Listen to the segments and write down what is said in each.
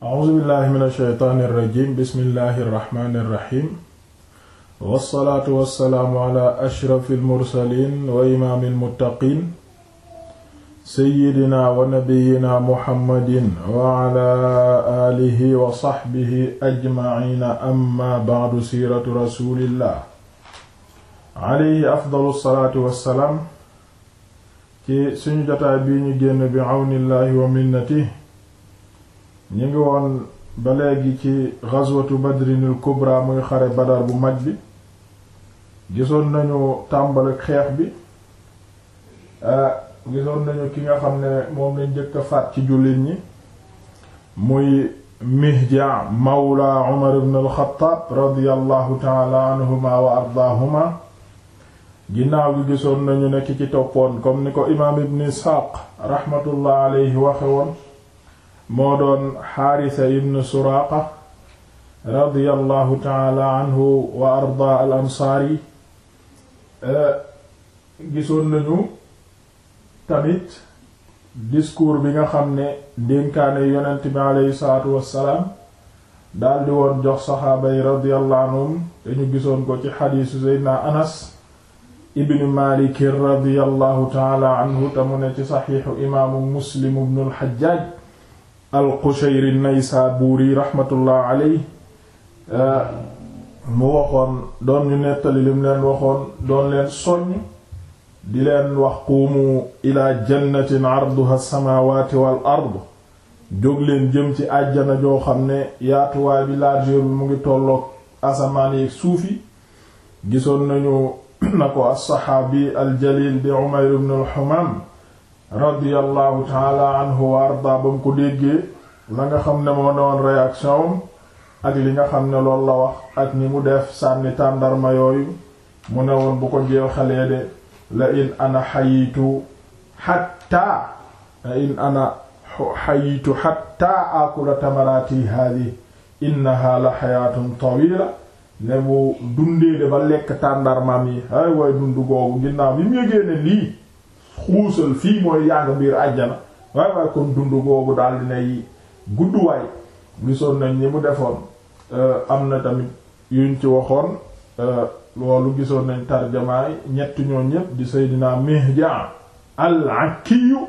a'uuzu billahi min ashaytaani irrajim bismillahi irrahmani irrahim wassalaatu wassalaamu ala ashrafi almursalin wa imaami almuttaqin seyyidina wa nabiyina muhammadin wa ala alihi wa saxbihi ajmaciina amma bacdu siiratu rasulillah alayhi afdalu salaatu wassalaam ci suñu jotaay bii ñu génn bi awnillahi wa minnatihi ñu ngi woon ba léegi ci ghazwatu badrinil kubra muy xare badar bu mag bi gisoon nañu tàmbali xeex bi ah, gisoon nañu ki nga xam ne moom lañ njëkk a faat ci jullit ñi muy mihja mawla umar ibn al-Khattab radiyallahu taala anhuma wa ardaahuma ginnaaw gi gisoon nañu nekk ci toppoon comme ni ko imaam ibn Isxaaq rahmatullah alayhi waxe woon moo doon xaarisa ibn suraaqa radiyallahu taala anhu wa arda al ansaari gisoon nañu tamit discours bi nga xam ne dénkaane yonent bi aleyhi salaatu wassalaam daldi woon jox saxaaba yi radiyallahu anhum gisoon ko ci xadiisu seydna anas ibn maalik radiyallahu taala anhu te ne ci saxiixu imaamu muslim ibnul xajjaaj al-Qushayri an-Naysaburi rahmatullah alayhi euh, mu waxoon doon ñu nettali lim leen waxoon doon leen soññ di leen wax quumu ilaa jannatin arduha as-samaawaati wal ardu jóg jëm ci àjjana joo xam ne yaatuwaay bi largeur mu ngi tolloog asamaan yeeg suuf gisoon nañu na ko as al-jaliil di Umayr ibn al-Humaam radiyallahu taala anhu wa ba mu ko déggee la nga xam ne moo doon réaction am ak li nga xam ne loolu la wax ak ni mu def sànni tàndarma yooyu mu ne woon bu ko jeel xalee de la in ana xayitu xatta akula tamaraati haadi innaha la xayaatun tawila ne bu dundee de ba lekk tàndarmaam yi ay waay dund googu ginnaaw bi mu yëgee ne lii xuusal fii mooy yaa nga biir àjjana waaye waaye kon dund boobu daal dinay gudd waay gisoon nañ ni mu defoon euh, am na tamit yuñ ci waxoon euh, loolu gisoon nañ tarjamaay ñett ñoo ñépp di Seydina Mihja al-Akkiyu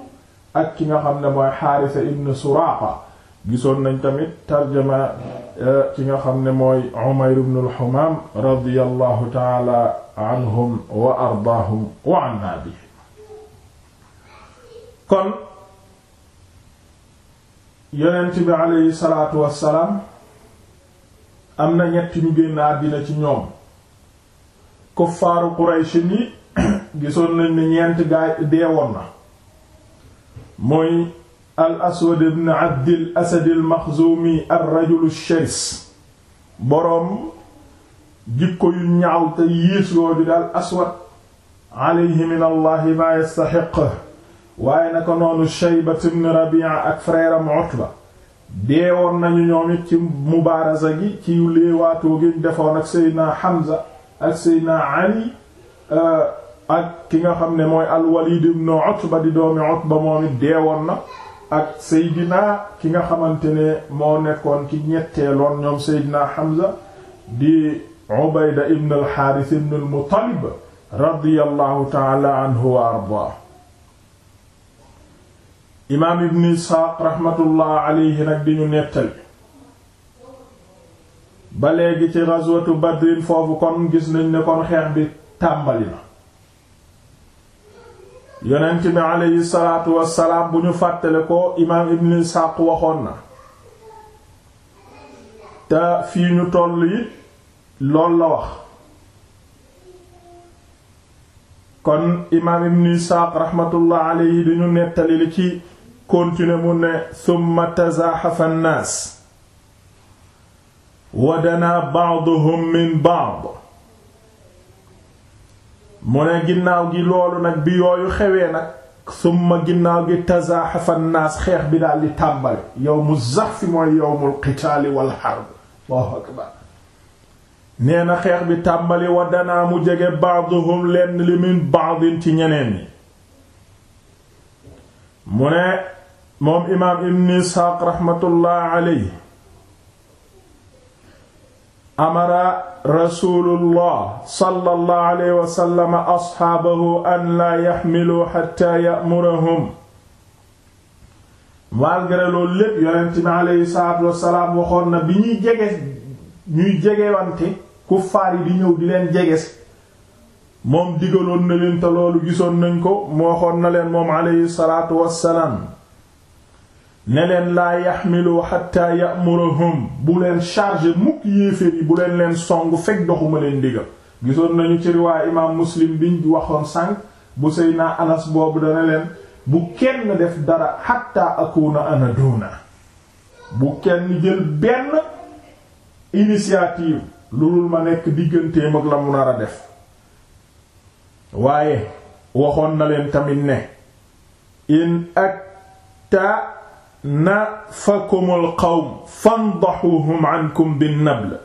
ak ki nga xam ne mooy Haarisa ibn Suraaqa gisoon nañ tamit tarjama euh, ki nga xam ne mooy Umayr ibn al-Humaam radiyallahu ta'ala anhum wa ardaahum wa anna bi kon yonent bi aleyhi salaatu wassalaam am na ñett ñu génn àddina ci ñoom kuffaaru Quraysh ni gisoon nañ ne ñeent gaay deewoon na mooy al aswad ibn abdil asad al maxzumi ar boroom jikko yu ñaaw te yiis yooju daal aswad aleyhi min allahi ma waaye naka noonu Shaybat ibn Rabi'a ak frère am Utba deewoon nañu ñoom it ci mubaaraza gi ci léewaatoo gi defoon ak Seydina Hamza ak Seydina Ali euh, ak ki nga xam ne mooy al-Walid ibn Utba di doomi Utba moom it deewoon na ak Seydina ki nga xamante ne moo nekkoon ki ñetteeloon ñoom Seydina Hamza di Ubayda ibn al-Harith ibn al-Muttalib radiyallahu ta'ala anhu wa ardaahu imaam ibn isxaaq raxmatullah alayhi nag di ñu nettali ba léegi ci ghazwatu badrin foofu kon gis nañ ne kon xeex bi tàmbali na yonent bi alayhi salaatu wassalaam bu ñu fàttale ko imaam ibn isxaaq waxoon na te fii ñu toll yi lool la wax kon imaam ibn isxaaq raxmatullah alayhi di ñu nettali li ci continuer mu ne summa tazaaxafa annaas wa danaa ba'duhum min ba'd mu ne ginnaaw gi loolu nag bi yooyu xewee nag summa ginnaaw gi tazaaxafa annaas xeex bi daal di tàmbali yawmu zaxfi mooy yawmul qitaali wal harb Allahu akbar xeex bi tàmbali wa danaa mu jege ba'duhum lenn li min ba'din ci ñeneen ñi mu ne moom imaam ibn isxaaq raxmatullah aley amara rasulullah sallallahu alayhi wa sallam asxaabahu an laa yaxmilu xatta ya'murahum malgré loolu lépp yonent bi aleyhi wasalaam waxoon na bi ñuy jege ñuy jegewante kuffaar yi di ñëw di leen jeges moom digaloon na loolu gisoon nañ ko mu waxoon na leen moom aleyhi salaatu wasalaam ne leen laa yaxmilu xatta ya'murahum bu leen chargé mukk yéeféer yi bu leen leen song fekk doxuma leen digal gisoon nañu ci riwaay imaam muslim biñ waxoon sànq bu seyna anas boobu dana leen bu kenn def dara xatta akuna ana duna bu kenn jël benn initiative lu dul ma nekk digganteem ak la mu nar a def waaye waxoon na leen tamit ne in ak ta nafakumul qawm fandahuhum ankum bin nabl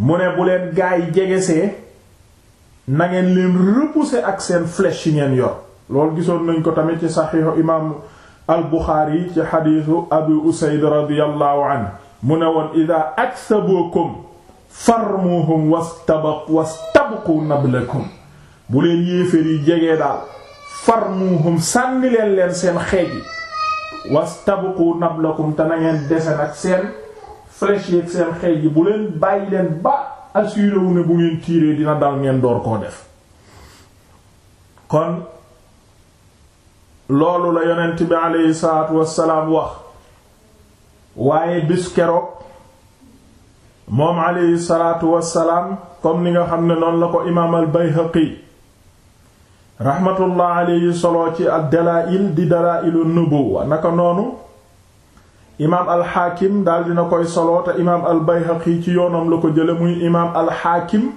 mu ne bu leen gaa yi jegesee na ngeen leen repousser ak seen flèche yi ngeen yor loolu gisoon nañ ko tamit ci saxiixu imaam al buxaari ci xadiisu abu usayd radiyallahu anhu mu ne woon ida aksabukum farmuhum wastabaq wastabqu nablakum bu leen yéeféer yi jegee daal farmuhum sànni leen seen xeej wastabqu nablakum te na ngeen dese nag seen flèche yeeg seen xeej yi bu leen bàyyi leen ba assuré wu ne bu ngeen tiiree dina dal ngeen door koo def kon loolu la yonent bi aleyhi salaatu wassalaam wax waaye bis keroog moom aleyhi salaatu wassalaam comme li nga xam ne noonu la ko imaam al Bayhaqi raxmatullah alayhi solo ci ad dalaa'il di dalaa'ilu nubuwa naka noonu imaam alxaakim daal dina koy solo te imaam albayhaqi ci yoonam la ko jële muy imaam alxaakim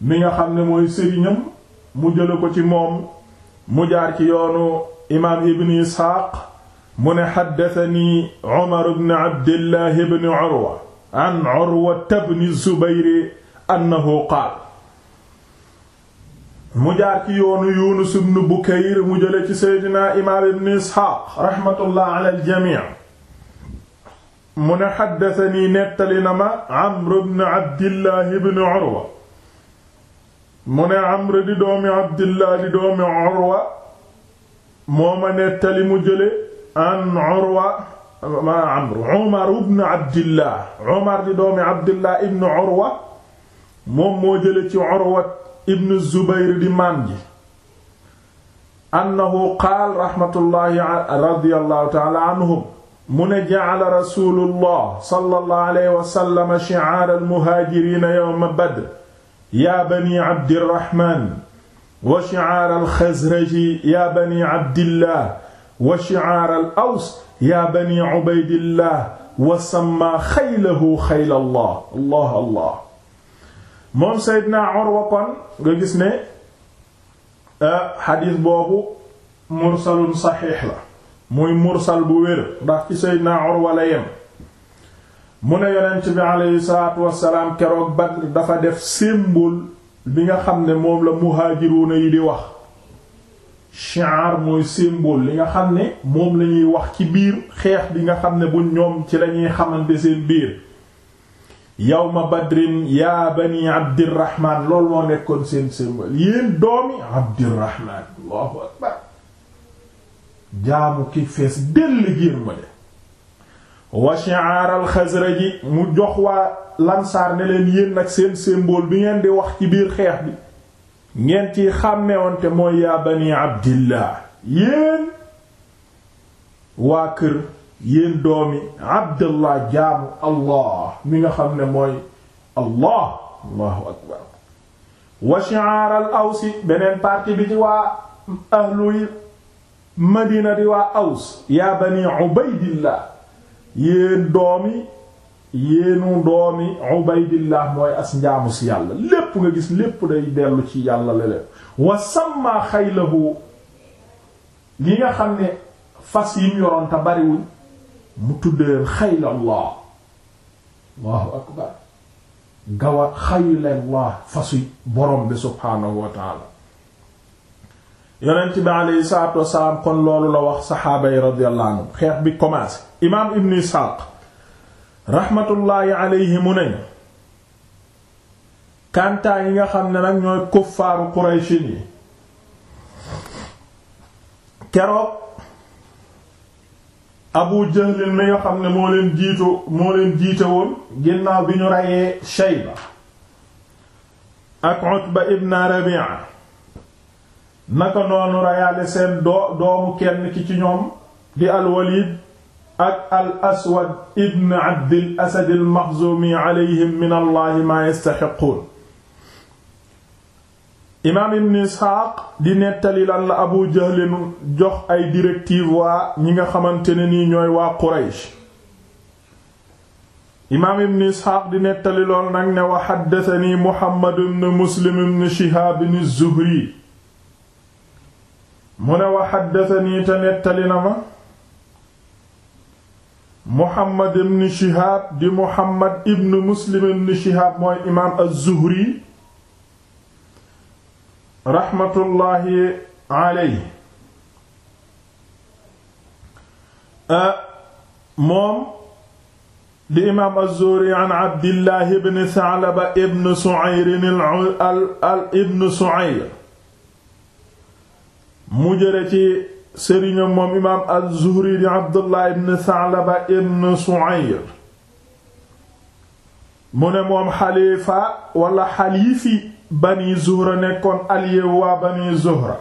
mi nga xam ne mooy sëriñam mu jële ko ci moom mu jaar ci yoonu imaam ibn isxaaq mu ne xaddatani umar bn abdillah bn urwa an urwa ibn zubayr annahu qaal mu jaar ci yoonu Yunus ibn Bukayr mu jële ci seydina imaam ibn Isxaaq raxmatullah ala aljamii mu ne xaddasanii nettali na ma Amr ibn Abdillah ibn Urwa mu ne Amr di doomi Abdillah di doomi Urwa moo ma nettali mu jële an Urwa ma Amr Umar ibn Abdillah Umar di doomi Abdillah ibn Urwa moom moo jële ci Urwa ibn zubayr di maam ji annahu qaal raxmatullaahi radiyallaahu taala anhum mu ne ja'ala rasuulullah sallallaahu alayhi wa sallam shi'aar al-muhaajiriina yawma badr yaa bani abdirraxmaan wa shi'aar al-xasraji yaa bani abdillaah wa shi'aar al-aws yaa bani ubaydillaah wa sammaa xaylahu xaylallaah allah allah moom Seydina Urwa kon nga gis ne euh, xadiis boobu mursalun saxiix la muy mursal bu wér ndax ci Seydina Urwa la yem mu ne yonent bi aleyhi salaatu wassalaam keroog Badr dafa def symbole bi nga xam ne moom la muhaajiruuna yi di wax shi'ar mooy symbole li nga xam ne moom lañuy wax ci biir xeex bi nga xam ne bu ñoom ci lañuy xamante seen biir yawma badrin yaa bani abdirahman loolu moo nekkoon seen symbole yéen doomi abdirahman allahu akbar jaamu ki fees dell giir ma de wa shi'aar al-Xasraji mu jox waa lansaar ne leen yéen nag seen symbole bi ngeen di wax ci biir xeex bi ngeen ciy xàmmeewante mooy yaa bani abdillah yéen waa kër yéen doomi abdallah jaamu allah mi nga xam ne mooy allah allahu akbar wa awsi beneen partie bi ci waa ahlu madina di waa aws yaa bani ubaydillah yéen doomi yéenu doomi ubaydillah mooy as njaamu si yàlla lépp nga gis lépp day dellu ci yàlla leleen wa samma xaylahu li nga xam ne fas yim yoroon te bariwuñ mu tuddee xaylallah allahu akbar gawa xaylallah fasuy borom bi subhaanahu wa yonent bi aleyhi salaatu wasalaam kon loolu la wax saxaaba yi xeex bi commencé imaam ibn isxaaq raxmatullaahi aleyhi mu nañ kantaa yi nga xam ne nag ñooy kuffaaru quraychin yi keroog abu jahlin mi nga xam ne moo leen jiitu moo leen ginnaaw bi ñu reyee shayba ak utba ibn rabi'a naka noonu reyaale seen doo doomu kenn ki ci ñoom di al walid ak al aswad ibn abdil asad al maxzumi alayhim min allahi ma yastaxiquun imaam ibn isxaaq di nettali lan la abu jahlin jox ay directive waa ñi nga xamante ne nii ñooy waa quraysh imaam ibn isxaaq di nettali lool nag ne wa xaddatani muhammad ibn muslim ibn shihaab ibn ne wa xaddatani te na ma muhammad ibn shihaab di muhammad muslim ibn shihaab mooy imaam az raxmatullaahi aleyhi euh, moom di imaam az-Zuhri an Abdillah ibn Sa'laba ibn Su'ayr al ibn Su'ayr mu jëre ci sëriñam moom imaam az-Zuhri di Abdullah ibn Sa'laba ibn Su'ayr mu ne moom xalifa wala xaliifi bani zuhra nekkoon aliyewu waa bani zuhra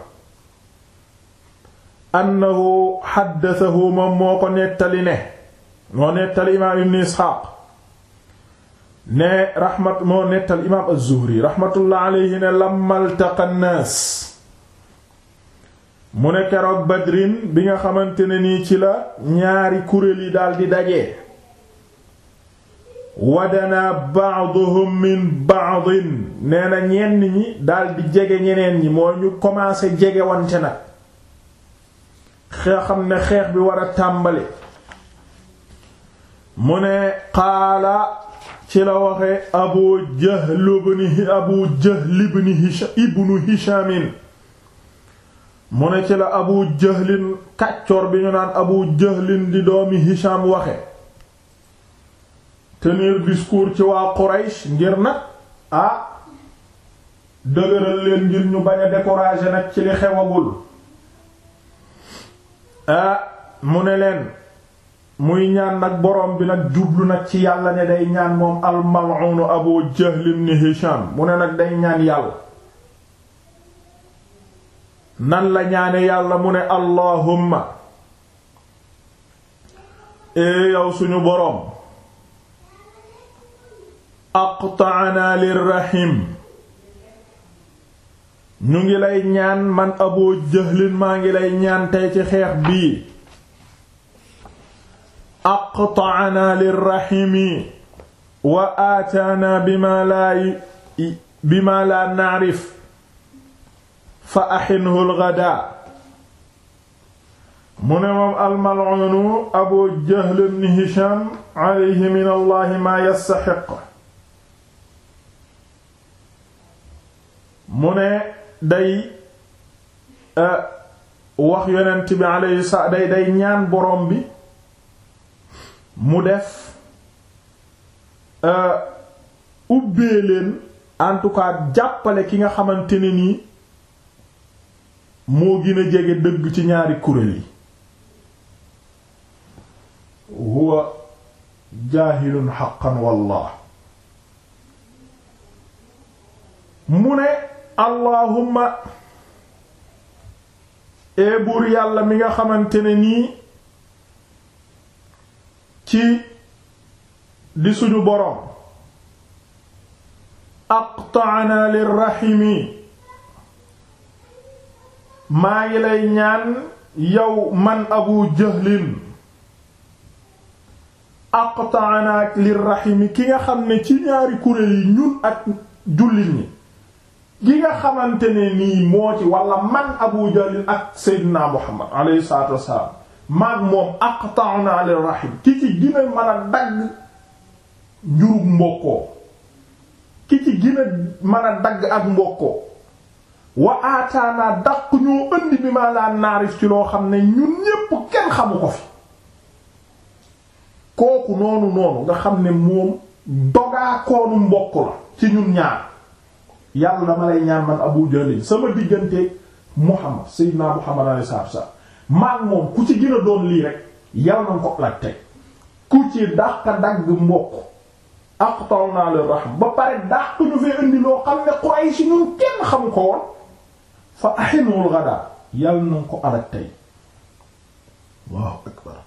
annahu xaddasahu moom moo ko nettali ne moo nettali imaam ibn isxaaq ne raxmat moo nettal imaam az-zuhri raxmatullah ne lamaltaqa nnaas mu ne keroog badrin bi nga xamante ne nii ci la ñaari kuréel yi daldi daje wadanaa ba'duhum min ba'din nee na ñenn ñi daldi jege ñeneen ñi moo ñu commencé jege wante na xeex xam ne xeex bi war a tàmbali mu ne qaala ci la waxe abu jahl ibn abu ibnu hishamin mu ne ci la abu jahlin kàccoor bi ñu naan abu jahlin di doomi hisham waxe tenir discours ci waa Quraysh ngir nag ah dëgëral leen ngir ñu bañ a décourager nag ci li xewagul ah mu ne leen muy ñaan nag borom bi nag jublu nag ci yàlla ne day ñaan moom al Abu Jahl ibn Hisham mu ne nag day ñaan yàlla nan la ñaane yàlla mu ne allahumma e yow suñu borom aqta'ana lirrahim ñu ngi lay ñaan man Abu Jahlin maa ngi lay ñaan tey ci xeex bii aqta'ana lirrahimi wa aataana bima laa bima laa na'rif fa axinhu lgadaa mu ne moom almal'uunu Abu Jahl ibn Hisham alayhi min Allahi maa yastaxiq mu ne day e, wax yonent bi alayhi sa day ñaan borom bi mu def e, ubbee leen en tout cas jàppale ki nga xamante ne nii moo gën a jege dëgg ci ñaari kuréel yi huwa jaahilun haqqan wallah mu ne allahumma ee yàlla mi nga xamante ne nii ci di suñu boroom aqta'ana lirrahimi maa ngi lay ñaan yow man abu jahlin aqta'ana lirrahimi ki nga xam ne ci ñaari kuréel yi ñun ak jullit ñi gi nga xamante ne nii moo ci wala man Abu Jahl ak Seydina Muhammad alayhi salaatu wassalaam maag moom aqta'na li rahim ki ci gën a mën a dagg njurug mbokkoo ki ci gën a dagg ak mbokkoo wa aataana daq ñoo indi bi maa laa naarif ci loo xam ne ñun ñépp kenn xamu ko fi kooku noonu noonu nga xam ne moom dogaa koonu mbokk la ci ñun ñaar yàlla dama lay ñaan Abu Jahl sama diggante Muhammad Seydina Muhammad alayhi salaatu wa salaam moom ku ci gën doon lii rek yàlla na ko laaj tey ku ci dàq dagg mbokk aqtal naa leen rahm ba pare dàq ñu fee indi loo xam ne Quraysh ñun kenn xamu ko woon fa ahinul ghadaa yàlla na ko alal tey waaw akbar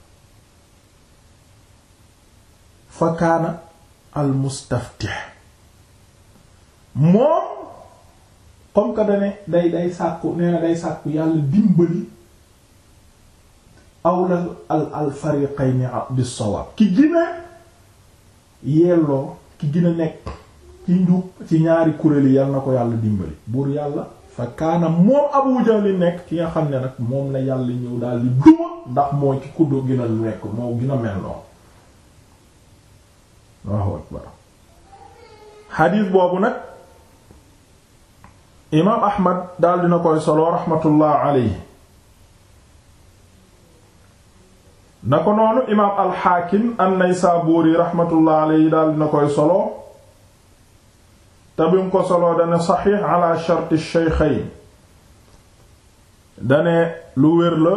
fa kaana al moom comme que dane day day sàkku nee na day sàkku yàlla dimbali awla al al fariqayni bis sawaab ki gina yelloo ki gina nekk ci njub ci ñaari kuréel yi yàlla na ko yàlla dimbali buur yàlla fa kaanam moom Abu Jahl nekk ki nga xam ne nag moom la yàlla ñëw daal di duma ndax mooy ci kuddoo gina lu nekk moo gina mel noonu waaw akbar xadiis boobu nag imaam ahmad daal dina koy solo raxmatullah alayhi na ko noonu imaam alxaakim an-Naysaburi raxmatullah alayhi daal dina koy solo te mu ko solo dane saxiix ala sharti shaykhayn dane lu wér la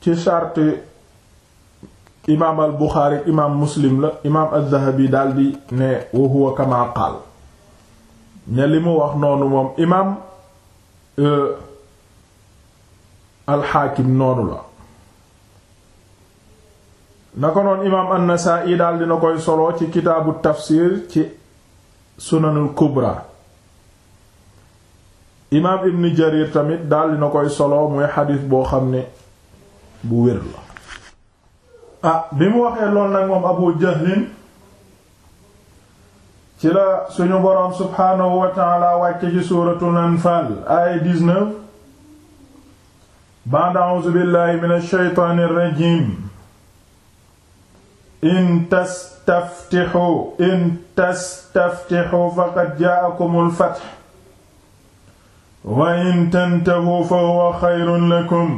ci sharti imaam al buxaari imaam muslim la imaam al dhahabi daal ne wa huwa kama ne li mu wax noonu moom imaam euh, alxaakim noonu la na ko noon imaam an-Nasaa'i daal dina koy solo ci kitaabu tafsir ci sunanul kubra imaam ibn jarir tamit daal dina koy solo mooy xadis boo xam ne bu wér la ah bi mu waxee lool nag moom abu jahlin ci la suñu boroom subhaanahu wa ta'ala wàcce ci suuratul anfaal aaya 19 ba'da a'uuzu billaahi minash shaytaanir rajiim in tastaftixu in tastaftixu faqad jaa'akumul fatx wa tantahu fa huwa lakum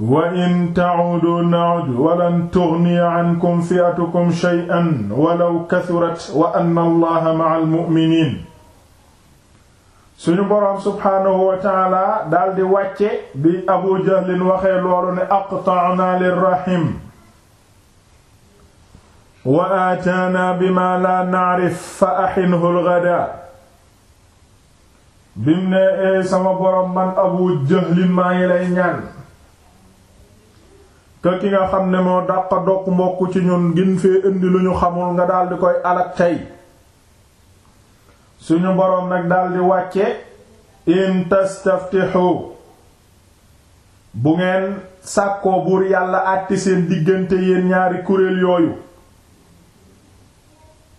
wa in ta'uudu na'ud wa lan tughniya ankum fi'atukum shay'an walaw kathurat wa anna allaha ma'al mu'miniin suñu boroom subhaanahu wa ta'aala daldi wàcce bi Abu Jahlin waxee loolu ne aqta'naa lirrahim wa aataanaa bimaa laa na'rif fa ahinhu al-ghadaa bim ne sama boroom man Abu Jahlin maa ngi lay ñaan ka ki nga xam ne moo dàqa dokk mbokk ci ñun gin fee indi lu ñu xamul nga daldi koy alak tey suñu boroom nag daldi wàcce in bu ngeen sàkkoo buur yàlla àtti seen diggante yéen ñaari kuréel yooyu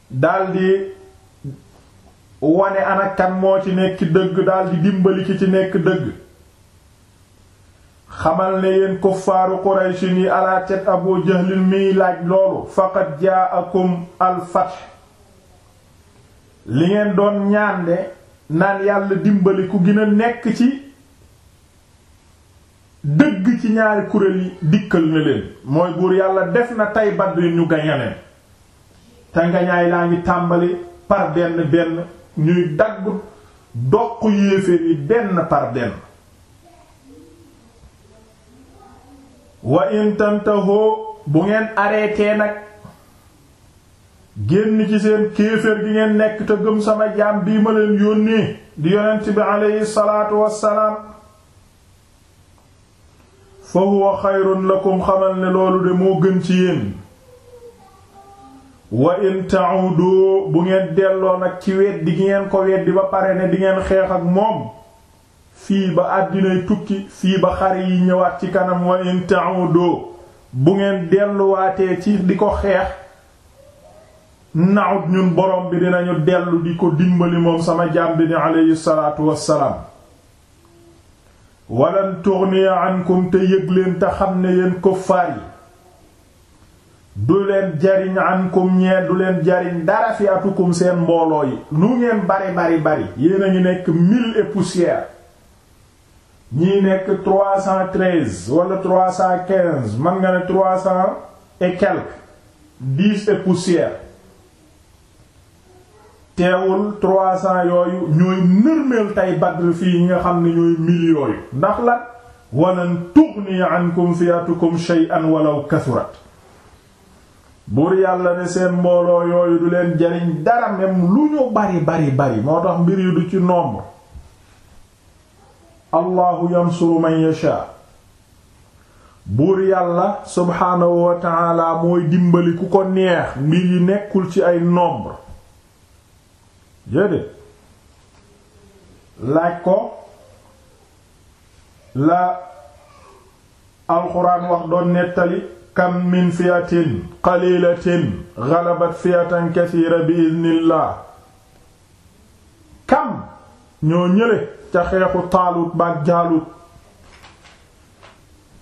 daldi wane ana moo ci nekk dëgg daldi dimbali ki ci nekk dëgg xamal ne yéen kuffaaru qurayshin yi alaa abu jahlin miy laaj loolu faqad jaakum al fath li ngeen doon ñaan de naan yàlla dimbali ku gën nekk ci dëgg ci ñaari kuréel yi dikkal na leen mooy buur yàlla def na tey Badr ñu gañaleen te ngañaay laa ngi tàmbali par benn benn ñuy dagg doq yéeféer yi benn par benn wa in bu ngeen arrêté nag génn ci seen kéeféer gi ngeen nekk te gëm sama jaam bii ma leen yónnee di yonent bi aleyhi salaatu wassalaam fa huwa xayrun lakum xamal ne loolu de moo gën ci yéen wa in ta'udu bu ngeen delloo nag ci weddi gi ngeen ko weddi ba pare ne di ngeen xeex ak moom fii ba àddinay tukki fii ba xare yi ñëwaat ci kanam wa in ta'udu bu ngeen delluwaatee ci di ko xeex naut ñun borom bi dinañu dellu di ko dimbali moom sama jaam bi ni aleyhi salaatu wassalaam walan tughniya ankum te yëg leen te xam ne yen ko yi du leen jariñ ankum ñee du leen jariñ dara fi atukum seen mbooloo yi nu ngeen bari bari bari yéen a ngi nekk mille et poussière ñii nekk trois cent treize wala trois cent quinze man nga ne trois cent et quelques dix et teewul trois yooyu ñooy nërmeel tey Badr fii nga xam ne ñooy mille yooyu ndax la walan tughni ankum fi'atukum shay'an walaw kathurat buur yàlla ne seen mbooloo yooyu du leen jariñ dara même lu ñu bari bari bari moo tax mbir yi du ci nombre allahu yansuru man yasha buur yàlla subhaanahu wa mooy dimbali ku ko neex mbir yi nekkul ci ay nombre jédé laaj ko la alxuraan wax doon nettali kam min fiatin qalilatin ghalabat fiatan kathira bi idnillah kam ñoo ñële ca xeexu taalut baak jaalut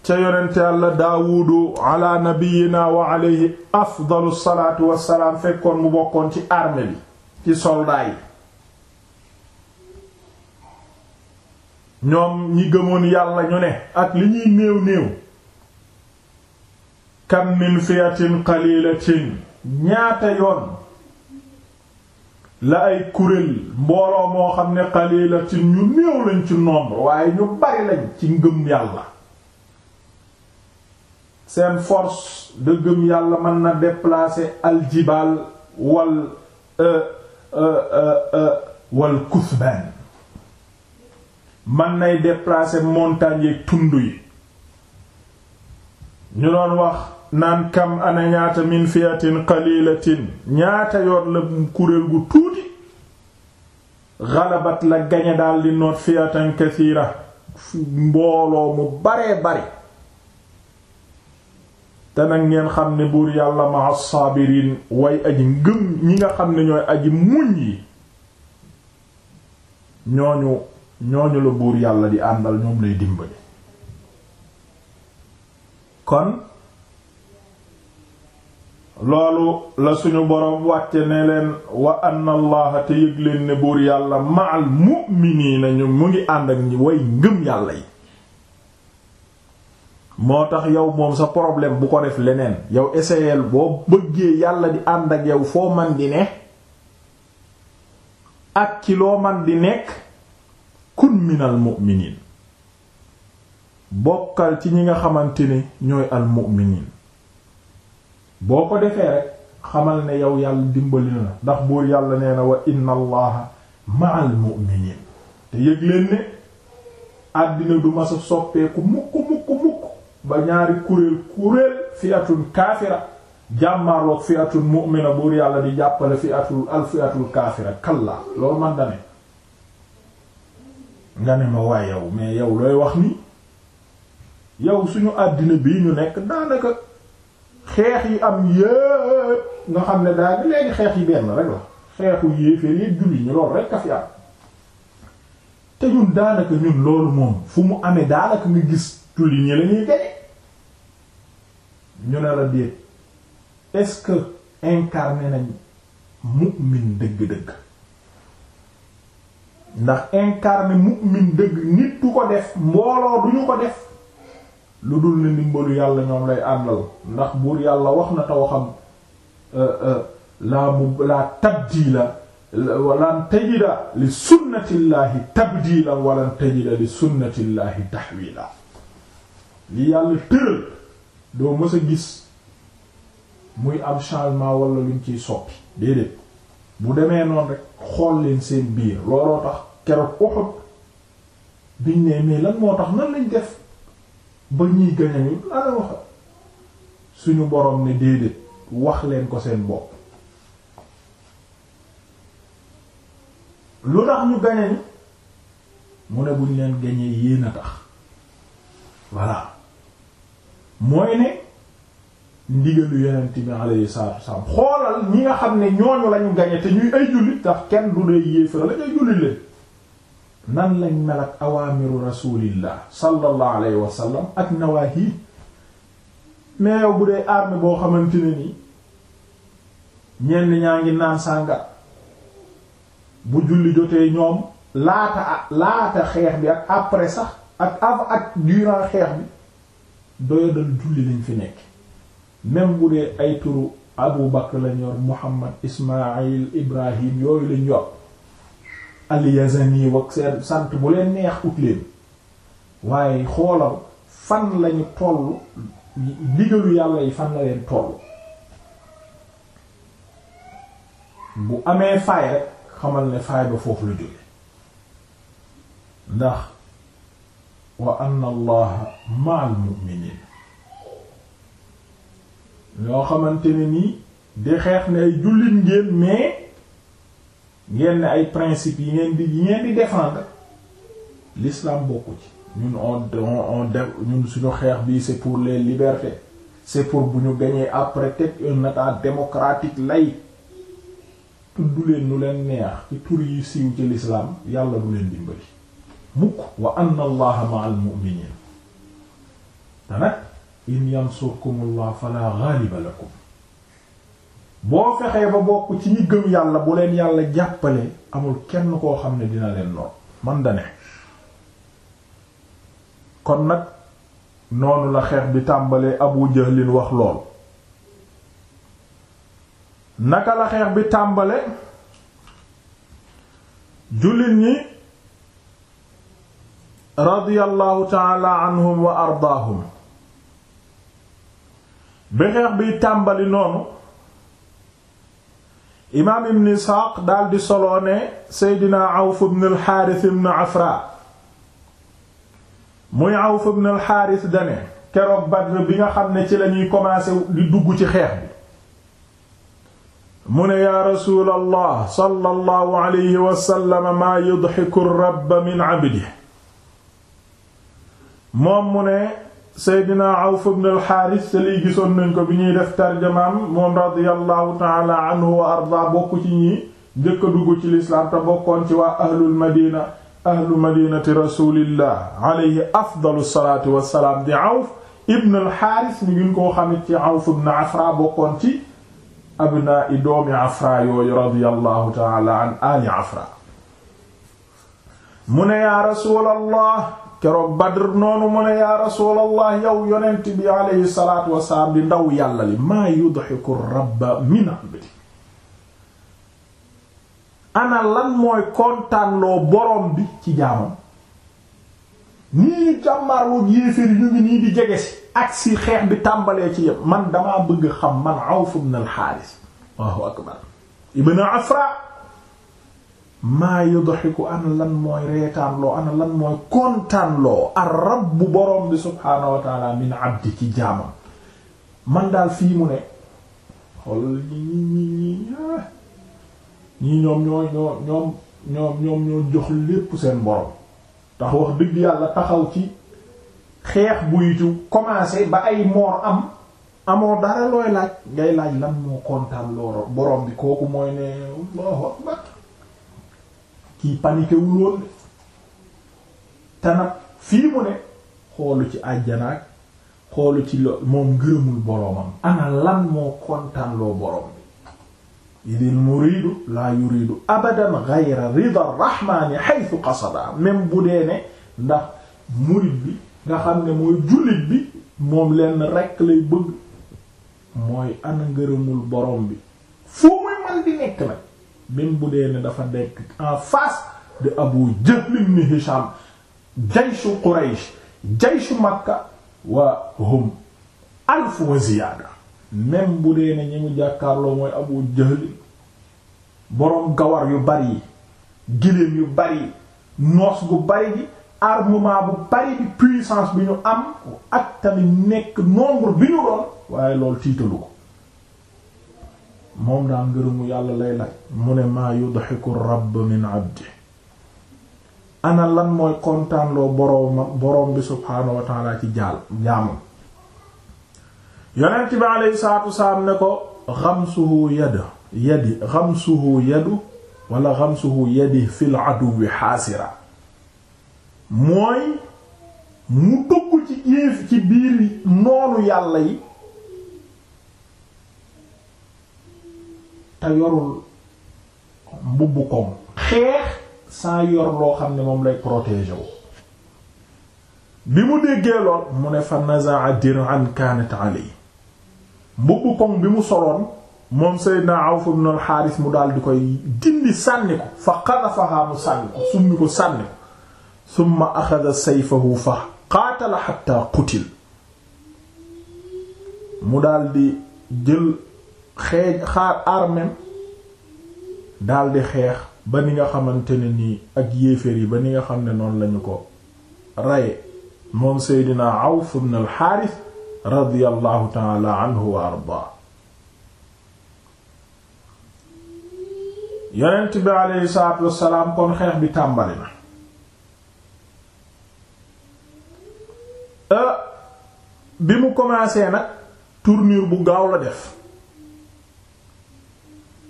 ca yonente yàlla daawudu ala nabiyina wa alayhi afdalu salaatu wassalaam fekkoon mu bokkoon ci armée bi ci soldat ñoom ñi gëmoon yàlla ñu ne ak li ñuy néew néew kam min fiyatin qalilatin ñaata yoon la ay kuréel mbooloo moo xam ne xaliila ci ñu néew lañ ci nombre waaye ñu bari lañ ci ngëm yàlla seen force de yàlla mën na déplacer aljibal wal euh, euh, euh, wal mën nay déplacer montagne yeeg tund yi ñu doon wax naan kam ana ñaata min fiatin qalilatin ñaata yoon la kuréel gu tuuti xalabat la gañe daal di noot fiatan kathira mbooloo mu baree bari te nag ngeen xam ne buur yàlla ma saabiriin way aji ngëm ñi nga xam ne ñooy aji muñ yi ñooñu ñooñu la buur yàlla di àndal ñoom lay dimbali kon loolu la suñu boroom wàcce ne leen wa anna allaha te yëg leen ne buur yàlla ma'al mu'minina ñu mu ngi ànd ak way ngëm yàlla yi moo tax yow moom sa problème bu ko def leneen yow essayel boo bëggee yàlla di ànd ak yow foo man di ne ak ci loo man di nekk kun minal mu'minin bokkal ci ñi nga xamante ni ñooy al mu'minin boo ko defee rek xamal ne yow yàlla dimbali na ndax buur yàlla nee na wa inna allaha ma'al mu'minin te yëg ne àddina du masa soppeeku mukk mukk mukk ba ñaari kuréel kuréel fi'atun kaafira jàmmaarloog fi'atun mu'mina buur yàlla di jàppale fi'atul al fi'atul kaafira kallaa loolu man dane nga ne ma waay yow mais yow looy wax ni yow suñu àddina bii ñu nekk daanaka xeex yi am yëpp nga xam ne daal léegi xeex yi benn rek la xeexu yéeféer yéeg julli ñu loolu rek ka te fu mu amee daanaka nga gis julli ñi la ñuy ñu ne la déet est-ce que incarné nañ mu'min dëgg-dëgg ndax incarné mu'min dëgg nit du ko def mbooloo du ñu ko def lu dul ne ndimbalu yàlla ñoom lay àndal ndax buur yàlla wax na taw xam euh, euh, laa mu laa tabdiila walan tajida li sunnatillahi tabdiila walan tajida li sunnatillahi tahwiila li yàlla tëral doo mës a gis muy am changement wala luñ ciy soppi déedéet bu demee noonu rek xool leen seen biir looloo tax keroog Uhud biñ ne mais lan moo tax nan lañ def ba ñuy gën a laa ah, wax suñu boroom ne déedéet wax leen ko seen bopp lu tax ñu gañe ni mu ne buñ leen gañee yéen a tax voilà mooy ne ndigalu yonent bi alayhi salaatu wasallam xoolal ñi nga xam ne ñooñu lañu gañe te ñuy ay jullit tax kenn du dee yéefar lañuy jullit leen nan lañ mel ak awaamiru rasulillah sallallahu alayhi wa sallam ak nawaahi mais yow bu dee arme boo xamante ne ni ñenn ñaa ngi naan sànga bu julli jotee ñoom laata laata xeex bi ak après sax ak avant ak durant xeex bi doyadal julli lañ fi nekk même bu dee ay turu Abu Bakr lañ yor Muhammad Ismaïl Ibrahim yooyu lañ yor al-Yazani wax sant bu leen neex ut leen waaye xoolal fan lañu toll digalu yàlla yi fan la leen toll bu amee faay rek xamal ne faay ba foofu lu jóge ndax wa anna allaha ma'al mu'minin yoo xamante ne nii di xeex ne ay jullit ngeen mais ngeen ay principes yi ngeen di yi ngeen di défendre l'islam bokku ci ñun on on def ñun suñu xeex bi c'est pour les libertés c'est pour bu ñu gagner après teg un état démocratique lay tudd leen nu leen neex ci tur yi siiw ci lislaam yàlla du leen dimbali mukk wa anna allaha ma'al mu'minin te nag in yansurkumullah fala ghaliba lakum boo fexee ba bokk ci ñi gëm yàlla bu leen yàlla jàppale amul kenn koo xam ne dina leen noon man da kon nag noonu la xeex bi tàmbalee Abu Jahlin wax lool naka la xeex bi tàmbale jullit ñi radiyallahu taala anhum wa ardaahum bi xeex biy tàmbali noonu imaam ibn isxaaq daal di soloo ne seydina awf ibn bi nga xam ne ci lañuy commencé di dugg ci xeex bi mu ne yaa rasul allah sallallahu alayhi wasallam yudxiku rabba mu ne seydina Awf ibn al-Haaris te lii gisoon ko bi ñuy def tarjamaam moom radiyallahu taala anhu wa arda bokk ci ñi jëkk a dugg ci lislaam te bokkoon ci waa ahlul madina ahlu madinati rasulillah alayhi afdalu salaatu wassalaam di Awf ibn al-Haaris ñu ngi ci Awf ibn Afra bokkoon ci i doomi Afra yooyu radiyallahu taala an Afra mu ne yaa rasulallah keroog Badr noonu mu ne yaa rasulallah yow yonent bi alayhi salaatu wasalaam di ndaw yàlla li maa yudhiku rabba min abdi ana lan mooy kontaanloo boroom bi ci jaamam nii ñu jàmmaarwoog yéefér ñu ngi nii di jege si ak si xeex bi tàmbalee ci yépp man damaa bëgg xam man Awf ibn al ibn Afra maa yudhiku ana lan mooy reetaanloo ana lan mooy kontaanloo ar rabbu borom bi subhaanahu wa taala min abdi ci jaamam man daal fii mu ne xool ñi ñii ñoom ñoo ñoo ñoom ñoom ñoom ñoo jox lépp seen borom tax wax dëgg yàlla taxaw ci xeex buyitu commencé ba ay moor am amoo dara looy laaj ngay laaj lan moo kontaanloo borom bi kooku mooy ne allahu akbar kii paniqué wul te nag fii mu ne xoolu ci àjjanaag xoolu ci lo moom ngërëmul boroomam ana lan moo kontaan loo boroom bi idil muridu laa yuridu abadan ghayra rida rahmaani haythu qasada même bu dee ne ndax murid bi nga xam ne mooy jullit bi moom lenn rekk lay bëgg mooy ana ngërëmul borom bi fu muy man di nekk nag même bu dee ne dafa nekk en face de Abu Jahl ibn Hisham jayshu Quraysh jayshu Makka wa hum alf wa ziyaada même bu dee ne ñi jàkkaarloo mooy Abu Jahl boroom gawar yu bari yi yu bari noos gu bari bi armement bu bari bi puissance bi ñu am ak tamit nekk nombre bi ñu doon waaye loolu tiitalu ko moom daal ngërëmu yàlla lay laaj mu ne maa yudxiku rabb min abdi ana lan mooy kontaanloo boroom boroom bi subhaanahu wa ci jaal jaamam yonent bi aleyhi salaatu wasalaam ne ko xamsuhu yadu yadi xamsuhu yadu wala xamsuhu yadi fil aduwi xaasira mooy mu dugg ci jéef ci biir noonu yàlla yi te yorul mbubbu koom xeex sans yor loo xam ne moom lay protéger wu bi mu déggee lool mu ne fa nazaa dir'an kanat alay mbubbu koŋ bi mu soloon moom Seydina Awf ibn al-Harith mu daal di koy dindi sànni ko fa qadafaha mu sànni ko summi ko sànni ko summa axada sayfahu fa qaatala hatta qutil mu daal di jël xeej xaar armem daldi xeex ba ni nga xamante ne nii ak yéeféer yi ba ni nga xam ne noonu lañu ko raye moom seydina Awf ibn al-Harith radiyallahu taala anhu wa ardaa yonent bi aleyhi salaatu wassalaam kon xeex bi tàmbali na euh, bi mu commencé nag tournure bu gaaw la def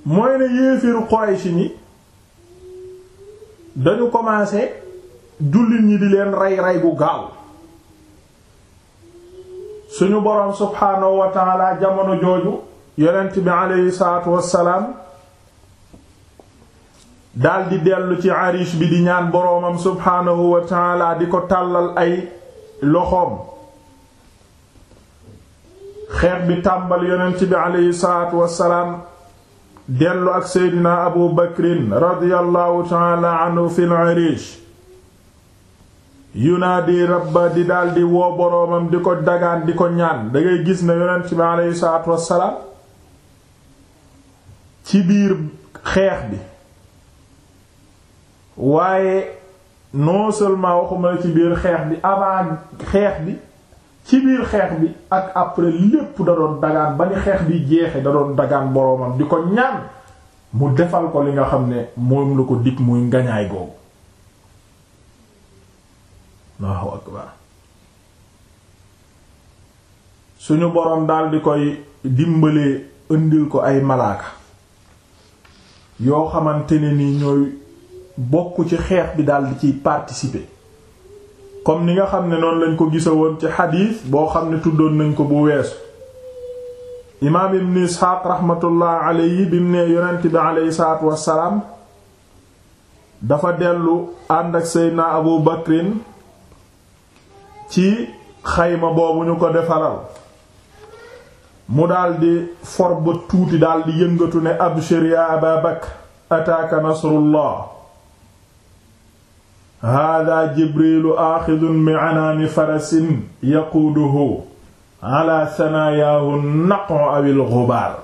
mooy ne yéefiru Quraysh ni dañu commencé jullit ñi di leen rey rey bu gaaw suñu boroom subhaanahu wa jamono jooju yonent bi aleyhi salaatu wassalaam daldi dellu ci arish bi di ñaan boroomam subhaanahu wa di ko tàllal ay loxoom xeex bi tàmbal yonent bi aleyhi salaatu wassalaam dellu ak seydina abu bakrin radiyallahu taala anhu fil arish yunaadi rabba di daldi woo boroomam di ko dagaan di ko ñaan dangay gis ne yonent bi aleyhi salaatu wassalaam ci biir xeex bi waaye noo seulement waxuma ci biir xeex bi avant xeex bi ci biir xeex bi ak après lépp da doon dagaan ba ni xeex bi jeexe da doon dagaan boroomam di ko ñaan mu defal ko li nga xam ne moom la ko dig muy ngañaay googu Allahu akbar suñu boroom daal di koy dimbalee indil ko ay malaaka yoo xamante ne ni ñooy bokk ci xeex bi daal di ciy participer comme ni nga xam ne noonu lañ ko gisa woon ci xadiis boo xam ne tuddoon nañ ko bu weesu imaam ibn isxaaq raxmatullah alayhi bi mu ne yonent bi alayhi salaatu wassalaam dafa dellu ànd ak seydna abu bakrin ci xayma boobu ñu ko defaral mu daldi for ba tuuti daldi yëngatu ne abshir ya aba bakr ataaka nasrullah hada jibrilu axidun bi anaani farasin yaquuduhu ala sanayaahu naqu awil xubaar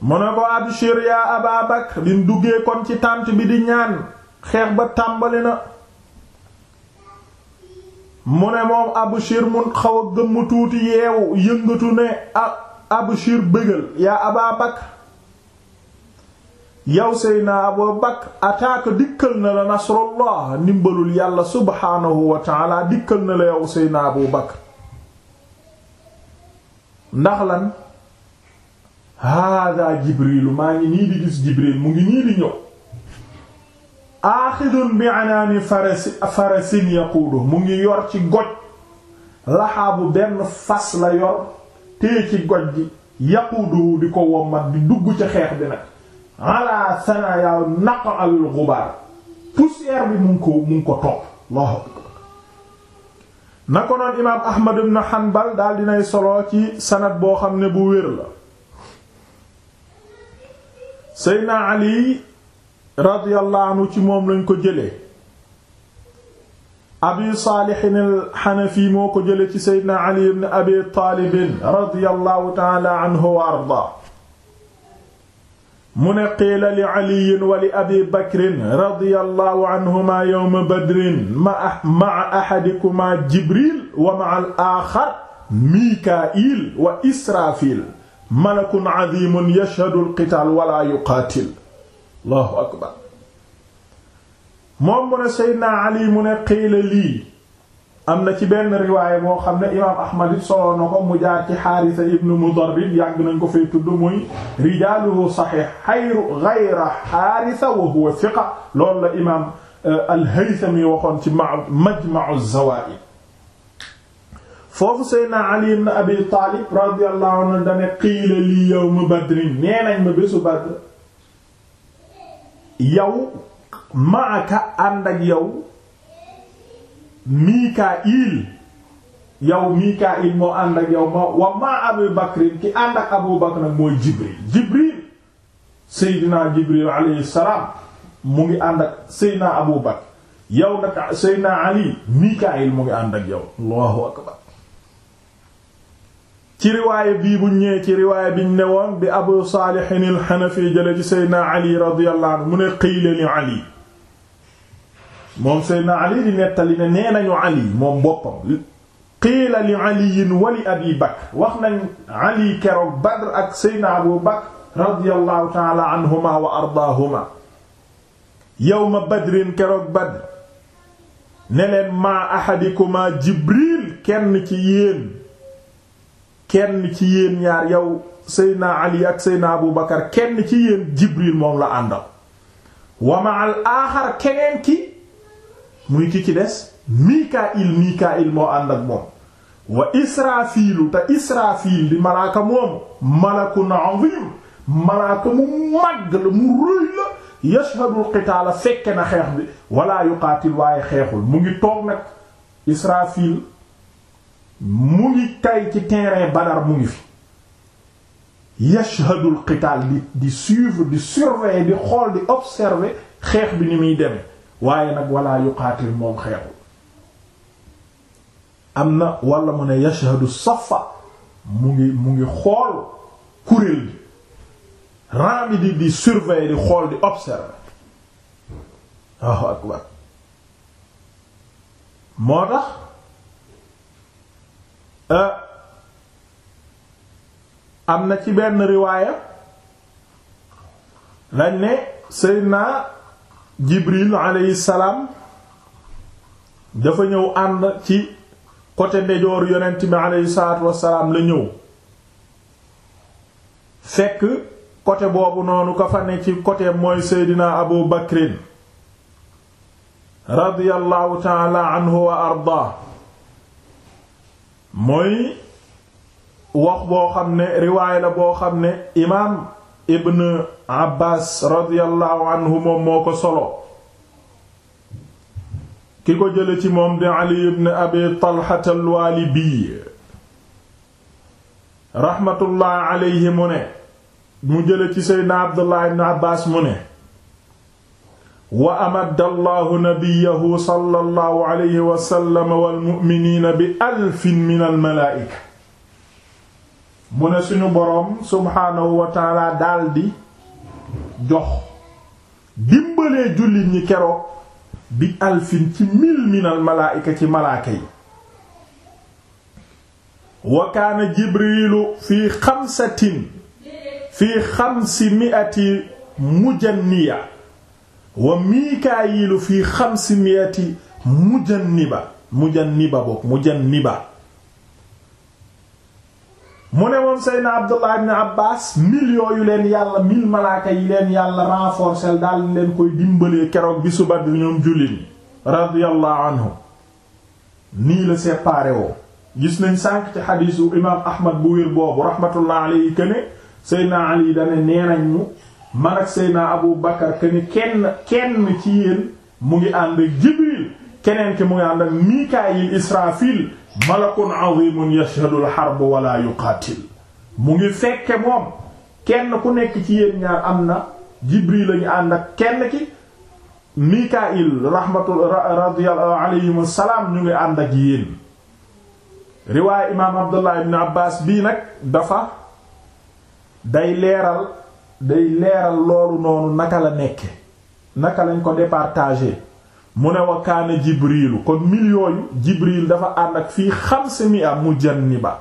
mu ne ko abshir yaa aba bakr duggee kon ci tànt bi di ñaan xeex ba tàmbali na mu ne moom abshir mun xaw a gëmm tuuti yeewu yëngatu ne ah, abshir bëggal yaa aba yow Seydina Abu Bakr ataaka dikkal na la nasrullah ndimbalul yàlla subhaanahu dikkal na la yow Seydina Abu Bakr ndax lan hada Jibrilu maa ngi nii di gis Jibril mu ngi nii di ñëw aaxidun bi anaami farasi yaquudu mu ngi yor ci goj laxaabu benn fas la yor téye ci goj gi yaquudu di ko wommat di dugg ci xeex bi nag ala sana yaaw naq al imaam Ahmad ibn Hanbal daal dinay solo ci sanad boo xam ne bu wér la Seydina Ali radiyallahu ci moom lañ ko jëlee Abi Saalih al-Hanafi moo ko jëlee ci Seydina Ali ibn Abi Taalib radiyallahu ta'ala anhu wa ardaa mu ne qiila li caliyin wa li abi bakrin radiyallahu anhuma yawma badrin maa ah, maa axadikumaa jibril wa maa al aaxar mikail wa israfil malakun cadimun yashhadu alqitaal wala yuqaatil allahu akbar moom mu ne seydna ali mu ne qiila lii am na ci benn riwaay boo xam ne imaam ahmad it solo na ko mu jaar ci xaarisa ibnu mudarrib yàgg nañ ko fay tudd muy rijaaluhu saxiix xayru gayra xaarisa wa huwa thiqa loolu la imaam euh, al-haythami waxoon ci majma'u zawaa'id foofu seydna ali ibn abi taalib radiyallahu anhu dane qiila lii yawma badrin nee nañ ma bésu badr yow maaka ànd ak yow Mikaayil yow Mikaayil moo ànd ak yow ma wa ma Abu Bakrin ki ànd ak Abu Bakr nag mooy Jibril Jibril Seydina Jibril alayhi mu ngi ànd ak Seydina Abu Bakr yow nag Seydina Ali Mikaayil mu ngi ànd ak yow Allahu akbar ci riwaaya bii bu ñëwee ci riwaaya biñ newoon bi Abu Salih al-Hanafi jële ci Seydina Ali radiyallahu anhu mu ne qiila Ali moom Seydina Ali di nettali ne nee nañu Ali moom boppam qiila li aliyin wa abi bakr wax nañ Ali keroog Badr ak Seydina Abu Bakr radiyallahu taala anhuma wa ardaahuma yawma badrin keroog Badr ne leen maa ahadikuma Jibril kenn ci yéen kenn ci yéen ñaar yow Seydina Ali ak Seydina Abu Bakr kenn ci yéen Jibril moom la àndal wa ma al aaxar keneen ki muy ki ci des mikaayil mikaayil moo ànd ak moom wa israafiilu te israafil di malaaka moom malakun azim malaaka mu màgg la mu rëy la yashhadul qitaala fekke na xeex bi wala yuqaatil waaye xeexul mu ngi toog nag israafil mu ngi tay ci terrain Badar mu ngi fi yashhadul qitaal di di suivre di surveiller di xool di observer xeex bi ni muy dem waaye nag wala yuqaatil moom xeexul am na walla mu ne yashhadu safa mu ngi mu ngi xool kuréel bi ran di di surveiller di xool di observer waaw akbar moo tax euh, am na ci benn riwaaya lañ ne Seydina Jibril alayhi salaam dafa ñëw ànd ci côté ndejoor yonent bi alayhi salaatu la ñëw fekk côté boobu noonu ka fa ne ci côté mooy Seydina Abu Bakrin radiyallahu taala anhu wa mooy wax boo xam ne riwaay la boo xam ne imaam Ibn Abbaas solo ki ko jële ci moom di Ali ibn Abi Talha al-Walibi mu ne mu jële ci Seydina Abdullah ibn Abbaas mu ne wa amaddallahu nabiyahu sallallahu alayhi wa sallam wal mu'miniina bi alfin min al mu ne suñu boroom subhaanahu wa ta'aala daldi jox dimbalee jullit ñi keroog bi alfin ci mil minal malaayika ci malaaka yi wa kaana jibrilu fi xamsatin fi xamsi miati mujanniya wa mikaayilu fi xamsi miati mujanniba mujanniba boog mujanniba mu ne moom Seydina Abdullah ibn Abbas mille yooyu leen yàlla mille malaaka yi leen yàlla renforcer daal leen koy dimbalee keroog bi suba bi ñoom jullit ñi radiyallahu anhu nii la séparé woo gis nañ sànq ci xadiisu imaam Ahmad bu wér boobu rahmatullah alayhi que ne Seydina Ali dane nee man ak Seydina Abu Bakar que kenn kenn ci yéen mu ngi ànd ak Jibril keneen ki mu ngi ànd ak Mikaayil Israafil malakun azimun yashhadul harb wala yuqaatil mu ngi fekke moom kenn ku nekk ci yéen ñaar am na jibril lañu ànd ak kenn ki mikail rahmatul radiyallahu alayhim salaam ñu ngi ànd ak yéen riwaay imaam abdullah ibn abbas bii nag dafa day leeral day leeral loolu noonu naka la nekke naka lañ ko départager mu ne wa kaana jibrilu kon mil yooyu jibril dafa ànd ak fii xamsi mia ba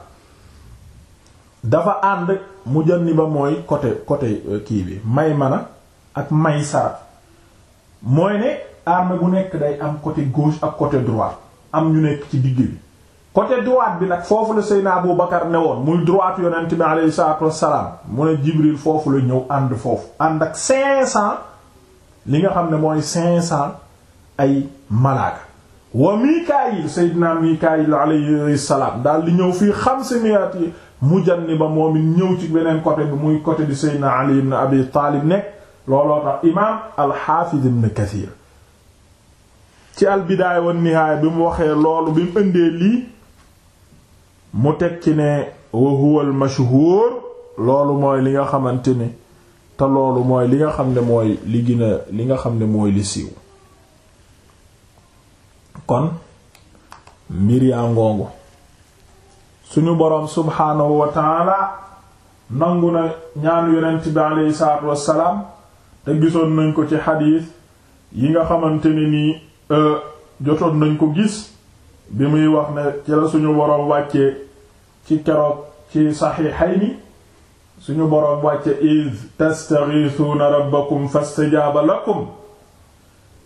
dafa ànd mujanniba mooy côté côté euh, kii bi may maymana ak may maysara mooy ne arme bu nekk day am côté gauche ak côté droite am ñu nekk ci digg bi côté droite bi nag foofu la Seydina Abu Bakar ne woon muy droite yonent bi alayhi salaatu wassalaam mu ne Jibril foofu la ñëw ànd foofu ànd ak 500 li nga xam ne mooy san ay malaaka wa Mikaayil Seydina Mikaayil alayhi salaam daal di ñëw fii xamsi miati mujanniba moom it ñëw ci beneen côté bi muy côté bi Seydina Ali ibn Abi Taalib nekk looloo tax imaam al-Haafiz ibn Kasiir ci al-Bidaaya wa Nihaaya bi mu waxee loolu bi mu ëndee lii mu teg ci ne wa huwa al-mashhuur loolu mooy li nga xamante ne te loolu mooy li nga xam ne mooy li gën a li nga xam ne mooy li siiw kon mbir yaa ngoongu suñu boroom subhaanahu wa taala nangu na ñaan yonent bi aleyhi salaatu wassalaam te gisoon nañ ko ci xadiis yi nga xamante ne nii e, jotoon nañ ko gis bi muy wax ne ci la suñu boroom wàcce ci keroog ci saxiixayni suñu boroom wàcce iz tastaghithuna rabbakum fastajaaba lakum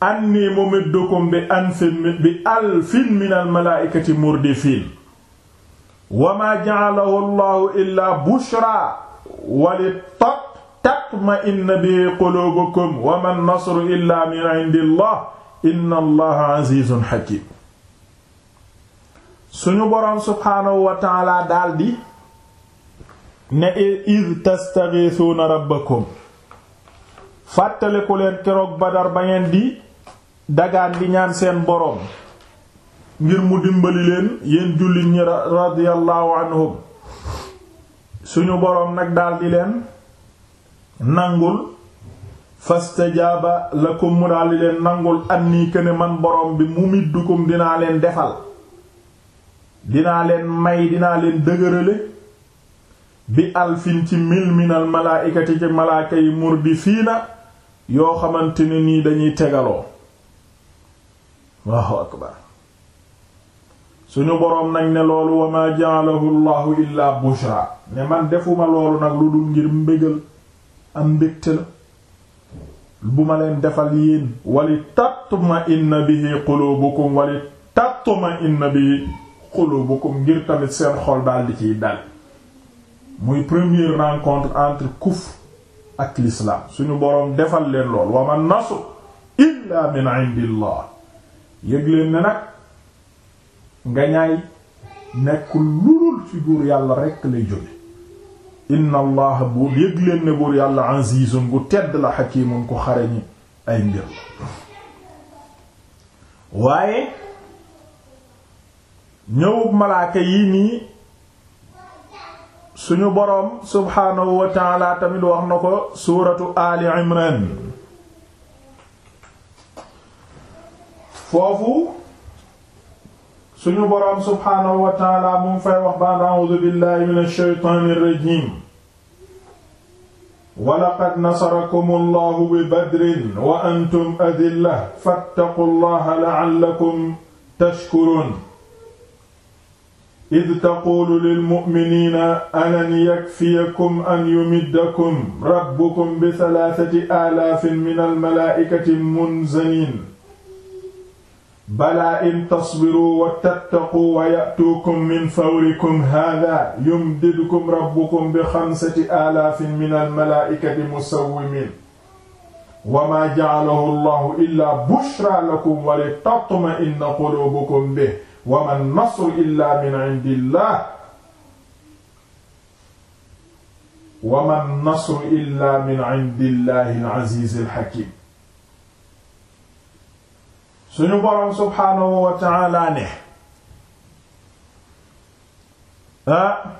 anni mumiddukum bi anfin bi alfin min almalaaikati murdifin wa ma ja'alahu allahu illa bushra wa litatma'inna bihi qulubukum wa ma an-nasru illa min 'indillah inna allaha 'azizun hakim suñu boroom subhaanahu wa ta'ala daldi ne iz tastaghithuna rabbakum fàttaliku leen keroog Badar ba ngeen di dagaan di ñaan seen boroom ngir mu dimmali leen yéen jullit ñi radiyallahu anhum suñu boroom nag daldi leen nangul fastajaaba lakum mu daldi nangul anni këne man boroom bi mu middukum dinaa leen defal dinaa leen may dinaa leen dëgërale bi alfin ci mil minal malaa'ikati ci malaaka yi murdifiina yoo xamante ne nii dañuy tegaloo waaw akbar suñu boroom nag ne loolu wa ma ja'alahu llahu illaa bushra ne man defuma loolu nag lu dul ngir mbégal am mbégte la bu ma leen defal yéen wali tatma inna bihi qulubukum wali tatma inna bihi qulubukum ngir tamit seen xol daal di ciy dal muy première rencontre entre kufr ak lislaam suñu boroom defal leen lool wa man nasru illa min indillah yëg leen ne nag nga ñaay nekk lulul ci buur yàlla rekk lay jóge inna allah buur yëg leen ne buur yàlla azizun gu tedd la xakimun ku xare ñi ay mbir waaye ñëwub malaaka yi nii suñu boroom subhaanahu wa taala tamit wax na ko suuratu aali imran foofu suñu boroom subhaanahu wa taala mu fay wax baan a'uudu billahi min ash-shaytaani ar-rajiim wa laqad nasarakum allahu bi badrin wa antum adilla fattaqullaha la'allakum tashkuruun id taqulu lilmuminina alan yakfiyakum an yumiddakum rabbukum bi talaatati aalaafin min almalaa'ikati munzaliin balaa in tasbiru wa tattaqu wa ya'tuukum min fawrikum haadaa yumdidkum rabbukum bi xamsati aalaafin min almalaa'ikati musawwimiin wa maa ja'alahu allahu illaa bushraa lakum wa litatma'inna quluubukum bihi wa ma nasru illa min indillah wa ma nasru illa min indillahi al-aziz al-hakim suñu boroom subhaanahu wa ta'ala ne ah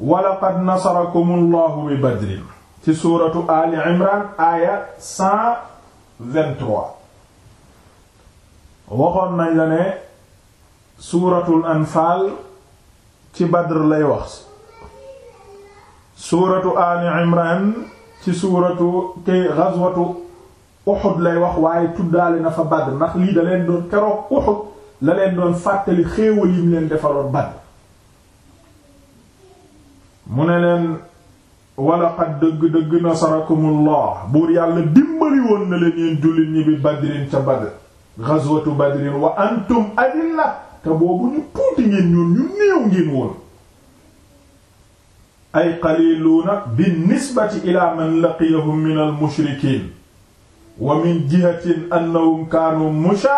wa laqad nasarakum allahu bi badrin ci suuratu ali imran aaya 123 waxoon nañ la ne suuratu anfaal ci badr lay wax suuratu ali imran ci suuratu kay ghazwatu uhud lay wax waaye tuddaale na fa badr ndax lii da leen doon keroog uhud la leen doon fàttali xéewal yi mu leen defaloon badr mu ne leen wala xat dëgg-dëgg nasarakumullah buur yàlla dimbali woon na leen yeen jullit ñi badrin ca badr ghazwatu badrin wa antum adilla te boobu ñu tuuti ngeen ñoon ñu néew ngeen woon ay qaliluuna bi nisbati ila man laqiyahum min al mushrikiin wa min jihatin annahum kaanu musha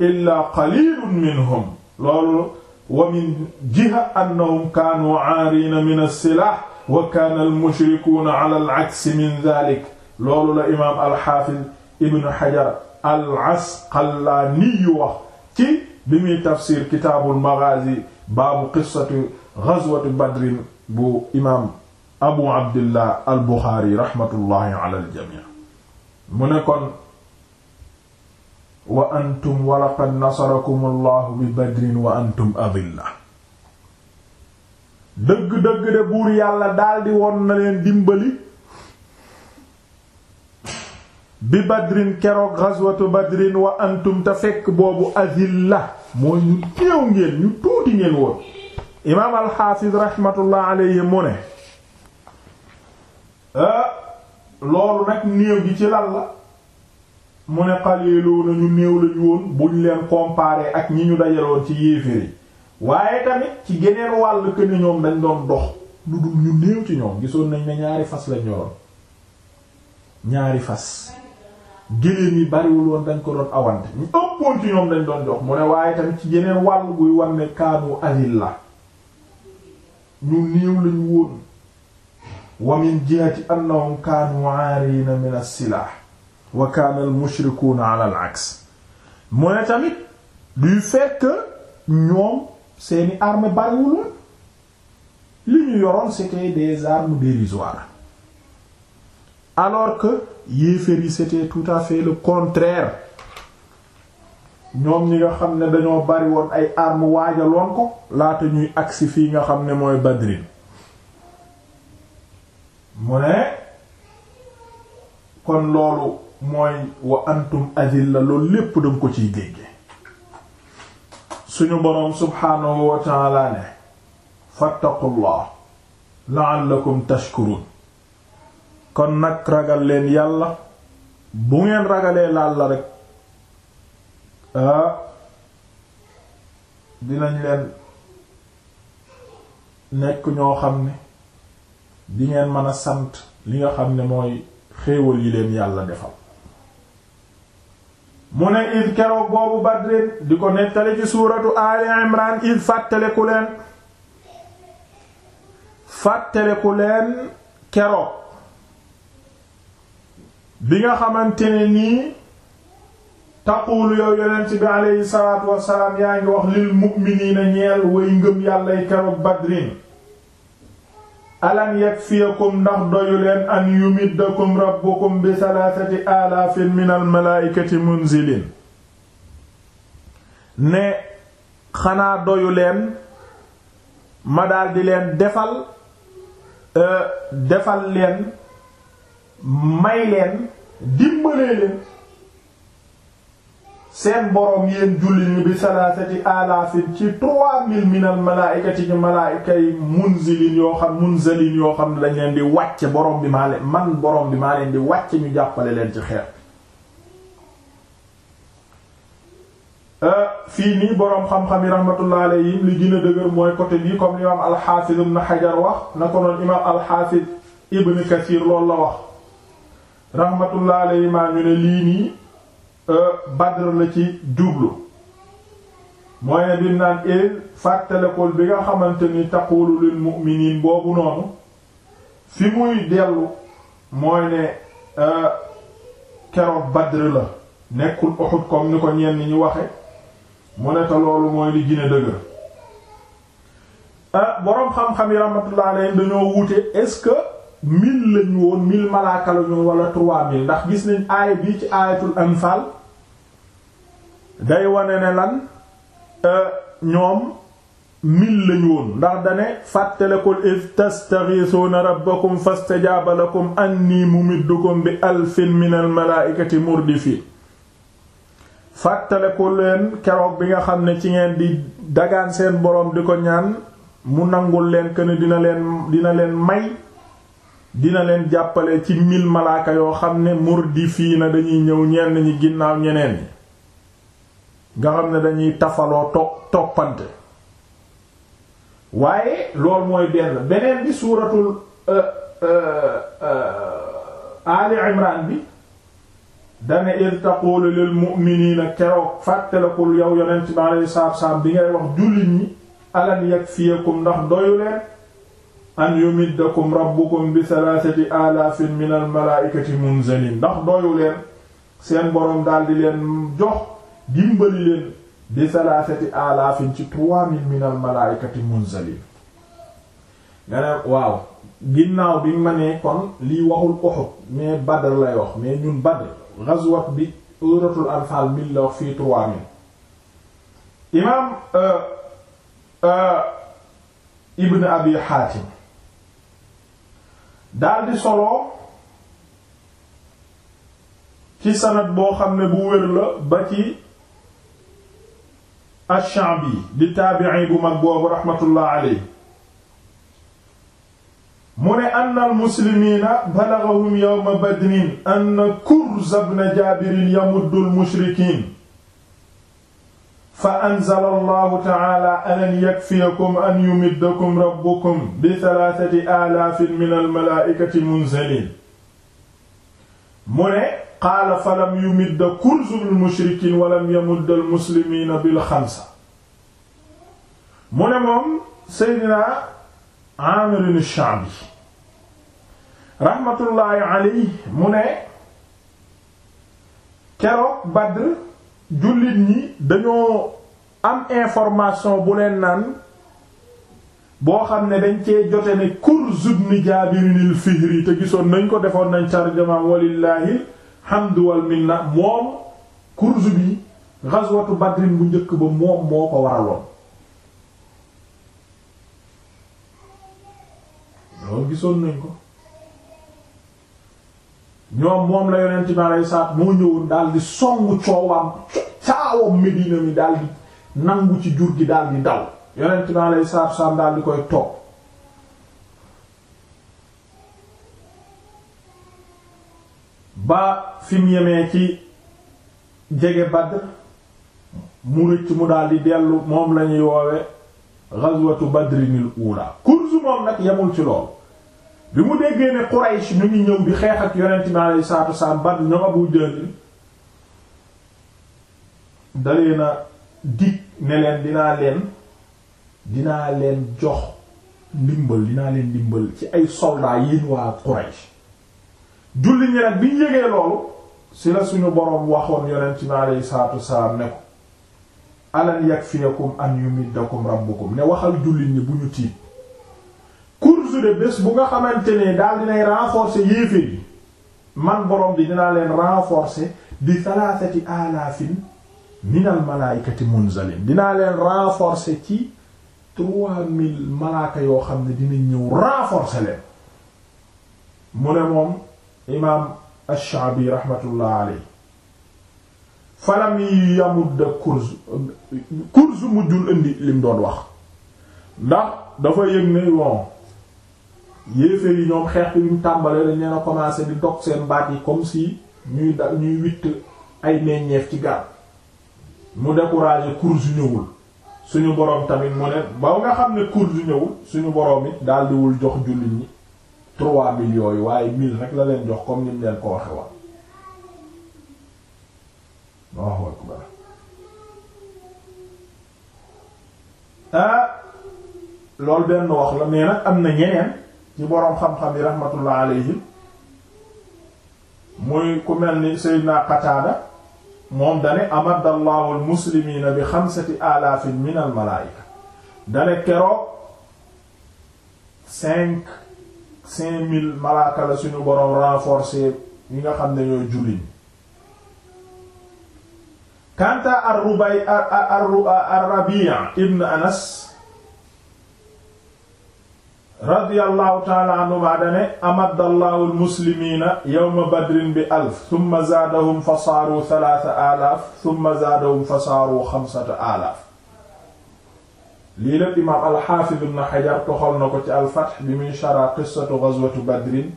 illa qalilun minhum loolu wa min jiha annahum kaanu aariina min as-silaah wa kaana al-mushrikuuna ala al-aksi min daalik loolu la imaam al-Haafiz Ibn Hajar al-Asqalaani wax ci bi muy tafsir kitaabul maghazi baabu qissatu ghazwati badrin bu imaam abu abdillah al buxaari rahmatullahi ala al jamii mu ne kon wa antum wa laqad nasarakum allahu bi badrin wa antum adilla dëgg-dëgg de buur yàlla daldi woon na leen dimbali bi badrin keroog ghazwatu badrin wa antum te fekk boobu azilla mooy ñu néew ngeen ñu tuuti ngeen woon imaam alxaafiz rahmatullah alayhi mu ne ah, loolu nag néew gi ci lan la mu ne qaliluuna ñu néew lañu woon buñ leen comparé ak ñi ñu dajaloon ci yéeféer yi waaye tamit ci geneen wàll que ñoom dañ doon dox lu dul ñu néew ci ñoom gisoon nañ ne ñaari fas la ñoroon ñaari fas géléem yi bariwul dañ ko doon awante ñu ëppoon ci ñoom dañ doon jox mu ne waaye tamit ci yeneen wàll buy wan ne kaanu azilla ñu néew lañu woon wa min jihati annahum kaanu aarina min as-silah wa kaana al aks mu ne tamit du fekk que ñoom seeni arme bariwul li ñu yoroon c'était des armes dérisoires alors yéeféer yi c'était tout à le contraire ñoom ñi nga xam ne dañoo bari woon ay armes waajaloon ko laata ñuy agsi fii nga xam ne mooy Badrin mu ne kon loolu mooy wa antum adilla loolu lépp danga ko ciy dégge suñu boroom subhaanahu wa fattaqullah la'allakum tashkurun kon nag ragal leen yàlla bu ngeen ragalee laal la rek ah dinañ leen nekk ñoo xam ne di ngeen mën a sant li nga xam ne mooy xéewal yi leen yàlla defal mu ne id keroog boobu badrin di ko nettale ci suuratu ali imran id fàttaleku leen fàttaleku leen keroog bi nga xamante ni nii taquulu yow yonent bi aleyhi salaatu wassalaam yaa ngi wax lil mu'miniina ñeel way ngëm yàllay keroog badrin alam yakfiyakum ndax doyu leen an yumiddakum rabbukum bi salaasati alaafin min almalaa'ikati munzilin ne xanaa doyu leen ma daldi leen defal euh, defal leen may leen dimbalee leen seen boroom yéen julli ñi bi salaasati alaafin ci trois mille minal malaayikati ci malaayika yi munzilin yoo xam munzalin yoo xam ne dañ leen di wàcce boroom bi maa leen man boroom bi maa leen di wàcce ñu jàppale leen ci xeer euh, fii nii boroom xam-xam yi rahmatullah alayhim li gën a dëgër mooy côté bii comme l'imam al-Hafiz ibn Hajar wax na ko noon imam al-Hafiz ibn Kathir loolu la wax rahmatullah alayhima ñu ne lii nii euh, Badr la ci jublu mooy ne bi naan il eh, fàttalekol bi nga xamante ni taqulu lil mu'minin boobu noonu fi muy dellu mooy ne euh, keroog Badr la nekkul Uhud comme ni ko ñenn ñi waxe mu ne te loolu mooy li gën a euh, boroom xam-xam yi rahmatullah alayhim dañoo wuute est mille lañu woon mille malaaka lañu wala trois mille ndax gis nañ aaya bii ci aayatul anfaal day wane ne lan euh, ñoom mil lañu woon ndax dane fàttalekul if tastaghithuna rabbakum fastajaaba lakum anni mumiddukum bi alfin min al malaa'ikati murdifin fàttaleku leen keroog bi nga xam ne ci ngeen di dagaan seen boroom di ko ñaan mu nangul leen kën dina dina leen may dina leen jàppale ci mil malaaka yoo xam ne fii murdifiina dañuy ñëw ñenn ñi ginnaaw ñeneen ñi nga xam ne dañuy tafaloo to toppante waaye loolu mooy benn beneen bi suuratul euh, euh, euh, ali imran bi dane id taqulu lil mu'minina keroog fàttalekul yow yonent bi alayhi salaatu salaam bi ngay wax jullit ñi alan yakfiyakum ndax doyu an yumiddakum rabbukum bi thalathati alafin min al malaikati ndax doyu leen seen boroom daal di leen jox dimbali leen bi thalathati alafin ci trois min al malaikati nga ne waaw ginnaaw bi ma ne kon lii waxul Uhud mais Badr lay wax mais ñun Badr ghazwat bi uratul anfal mille wax fii trois imaam euh, euh, Ibn Abi Hatim daldi soloo ci sanad boo xam ne bu wér la ba ci ash-Sha'bi di taabi'i bu mag boobu raxmatullah alayhi mu ne anna al-muslimiina balaghahum yawma badrin anna Kurz ibn Jaabir yamuddu al-mushrikiin fa anzala allahu taala alan yakfiyakum an yumiddakum rabbukum bi thalathati alaafin min almalaikati munzalin mu ne qaala falam yumidda kurzul mushrikin walam yamudda almuslimina bil xamsa mu ne moom seydina aamirin shaabi rahmatullahi alayhi mu ne keroog Badr jullit ñi dañoo am information bu leen naan boo xam ne dañ cee jote ne Kurz ibn Jaabirin al-Fihri te gisoon nañ ko defoon nañ tarjama walillahi hamdu wal minna moom Kurz bi ghazwatu Badrin bu njëkk ba moom moo ko waraloon loolu gisoon nañ ko ñoom moom la yonent bi alayhi salaam moo ñëwoon daal di songu coowam caawam Medina mi daal di nangu ci jur gi daal di daw yonent bi alayhi salaam daal di koy toog ba fi mu yemee ci jege Badr mu rëcc mu daal di dellu moom la ñuy woowe ghazwatu Badrinil ula Kurzu moom nag yemul ci loolu bi mu déggee ne Quraysh ñu ngi ñëw di xeex ak yonent bi alayhi salaatu wasalaam ba ñoom Abu Jahl dalee na dig ne leen dinaa leen dinaa leen jox ndimbal dinaa leen ndimbal ci ay soldats yéen waa Quraysh julli ñi nag bi ñu yëgee loolu si la suñu boroom waxoon yonent bi alayhi salaatu wasalaam ne ko alan yakfiyakum an yumiddakum rabbukum ne waxal julli ñi bu ñu tiit de bés bu nga xamante ne daal dinay renforcer yéeféer yi man borom bi dinaa leen renforcer bi thalathati alafin min al malaikati dinaa leen renforcer ci trois mille malaaka yoo xam ne dinañ ñëw renforcer leen mu ne moom imaam ash-Sha'bi rahmatullah alayhi falam yi yamudda kurz mujjul indi lim doon wax ndax dafa yëg ne bon yéeféer yi ñoom xeex bi ñu tàmbalee dañ leen a commencé di dog seen baat yi comme si ñuy da ñuy witt ay meññeef ci garab mu découragé course yu ñëwul suñu boroom tamit mu ne ba nga xam ne course yu ñëwul suñu boroom it daal jox jullit ñi trois mille yooyu waaye mille rek la leen jox comme nim leen ko waxe wax Allahu akbar ah, loolu benn wax la mais nag am na ñeneen ci boroom xam-xam yi rahmatullah alayhim muy ku mel ni Seydina Qataada moom dane amadallahu almuslimiina bi xamsati alaafin min almalaayika dane cinq cinq mille malaaka la suñu boroom renforcé ñi nga xam ne ñooy julliñ kanta ar rubay ar ar ar anas radiyallahu taala anhuma dane amaddallahu almuslimiina yawma badrin bi alf thumma zaadahum fa saaru thalaatha alaaf thumma zaadahum fa saaru xamsata alaaf lii lépp imaam alxaafid ibn xajar toxal na ko ci alfath bi muy shara qissatu ghazwatu badrin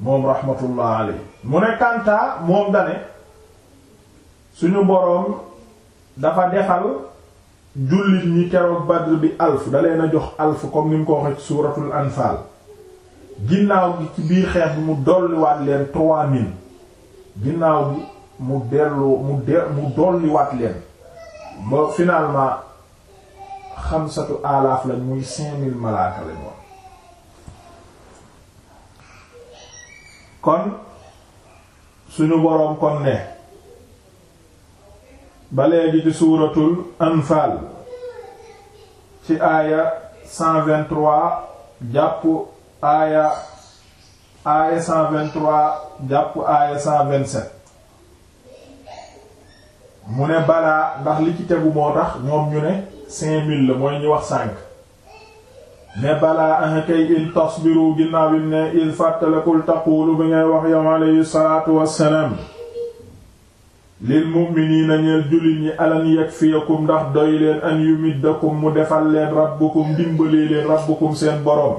moom rahmatullah aley mu ne kantaa moom dane suñu boroom dafa defal jullit ñi keroog Badr bi alf dalee na jox alf comme ni mu ko waxee ci suuratul anfaal ginnaaw gi ci biir xeex bi mu dolliwaat leen trois mille ginnaaw gi mu delloo mu de mu dolliwaat leen ba finalement xamsatu alaaf lañ muy cinq mille malaaka lañ woon ba léegi di suuratul anfaal ci aaya 123 jàpp aaya aaya 123 jàpp aaya 127 mu ne balaa ndax li ci tegu moo tax ñoom ñu ne mooy ñu wax sànq ne balaa an kay il tasbiru ginnaaw bi ne il fàttalikul taqulu bi ngay wax yow alayhi salaatu wassalaam lil mu'miniina ñeel jullit ñi alan yakfiyakum ndax doy leen an yumiddakum mu defal leen rabbukum dimbalee leen rabbukum seen boroom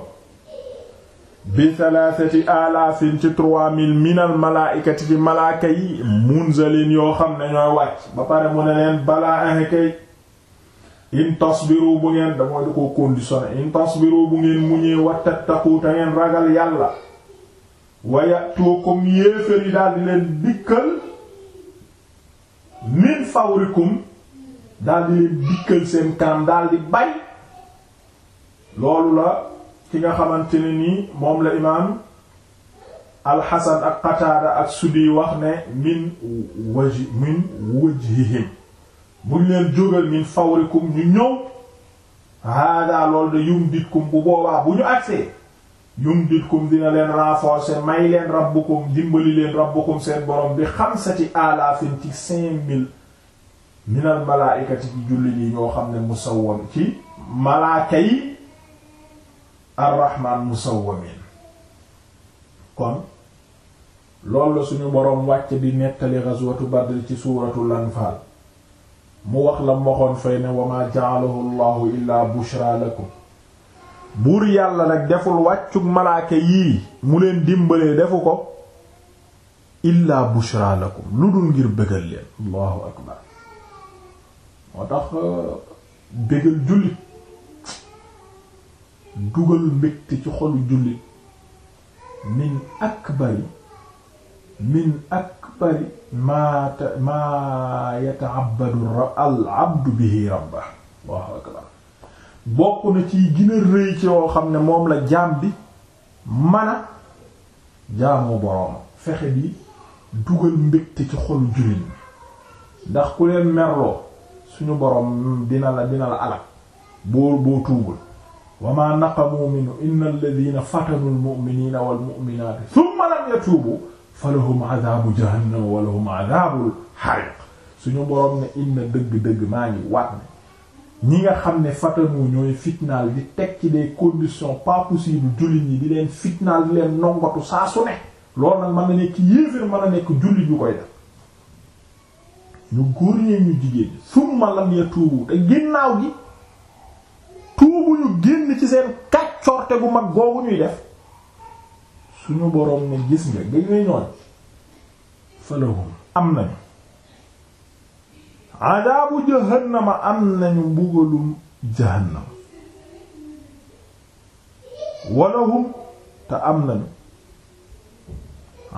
bi thalathati alaafin ci 3000 minal malaa'ikati ci malaaka yi munzalin yoo xam ne ñooy wàcc ba pare mu ne leen balaa axe kay in tasbiru bu ngeen damooy da ko conditionné in tasbiru bu ngeen muñee wattattaqu te ngeen ragal yàlla wayatukum yéefér yi daal leen dikkal min fawrikum daal leen dikkal seen kanam daal di bay loolu la ki nga xamante ne nii moom la imaam alxasan ak qataada ak sudi wax ne min waji min wajhihim buñ leen jógal min fawrikum ñu ñëw haadaa loolu da yum ditkum bu boobaa bu ñu agsee yumditkum dina leen renforcer may leen rabbukum dimbali leen rabbukum seen borom bi xamsati alaafin ci cinq mille minal malaaykati ci julli ñi ñoo xam ne mu musawwam ci malaaka yi mu musawwamin kon loolu la suñu borom wàcc bi nettali ghazwatu badr ci suuratul anfaal mu wax la moxoon fay ne wa ma ja'alahu allahu illaa bushra lakum buur yàlla nag deful wàccug malaaka yii mu leen dimbalee defu ko illaa bushra lakum lu dul ngir bëggal leen allahu akbar moo tax euh, bëggal jullit dugal mbégte ci xolu jullit min akbari min akbari maa maa yata'abbadu al abdu bihi rabbahu allahu akbar bokk na ci gën a rëy ci yoo xam ne moom la jaam bi mën a jaamu boroom fexe bi dugal mbégte ci xolu jullit ndax ku leen merloo suñu boroom dina la dina la alal boo boo tuubul wa maa naqamu minhu inna alladhina fatanu almu'minina wal mu'minati thumma lam yatubu falahum adhabu jahannam walahum adhabul hariq suñu boroom ne inna dëgg-dëgg maa ngi waat ne ñi nga xam ne fatanu ñooy fitnaal di teg ci des conditions pas possible jullit ñi di leen fitnaal di leen nongatu saa su ne loolu nag mën na nekk yéefér mën na nekk jullit ñu koy def ñu góor ñee ñu jigéen ñi summa ya tuubu te ginnaaw gi tuubu ñu génn ci seen kàccoorte gu mag googu ñuy def suñu boroom ne gis nga gëj nga ñooñ falahum am nañu adaabu jahannama am nañu mbugalum jahannama walahum te am nañu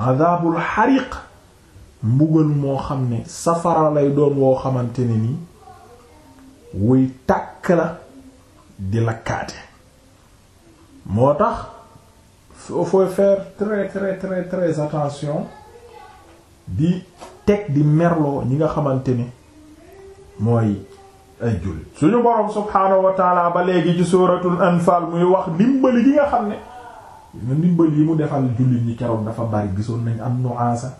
adaabul xariq mbugal moo xam ne safara lay doon woo xamante ni nii wuy tàkk la di lakkaate moo tax il faut faire très très très très attention di teg di merloo ñi nga xamante ni mooy ay jullit suñu boroom subhaanahu wa taala ba léegi ci suuratul anfaal muy wax ndimbali gi nga xam ne nga ndimbal yi mu defal jullit ñi keroog dafa bari gisoon nañ am nu'aasa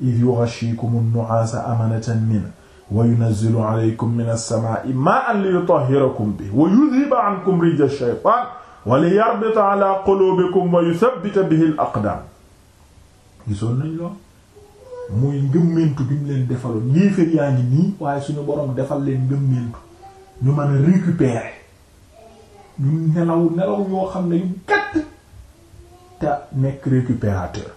idh yughashshikumu nu'aasa amanatan min wa yunazzilu alaykum min as-samaa'i maa'an liyutahhirakum bihi wa yudhhiba 'ankum rijza ash-shaytaan wa liyarbita 'alaa quluubikum wa yuthabbita bihi al-aqdaam gisoon nañ loolu muy ngëmmentu bi mu leen defaloon yéeféer yaa ngi nii waaye suñu borom defal leen ngëmmentu ñu mën a récupérer ñu nelaw nelaw yoo xam ne yu gàtt te nekk récupérateur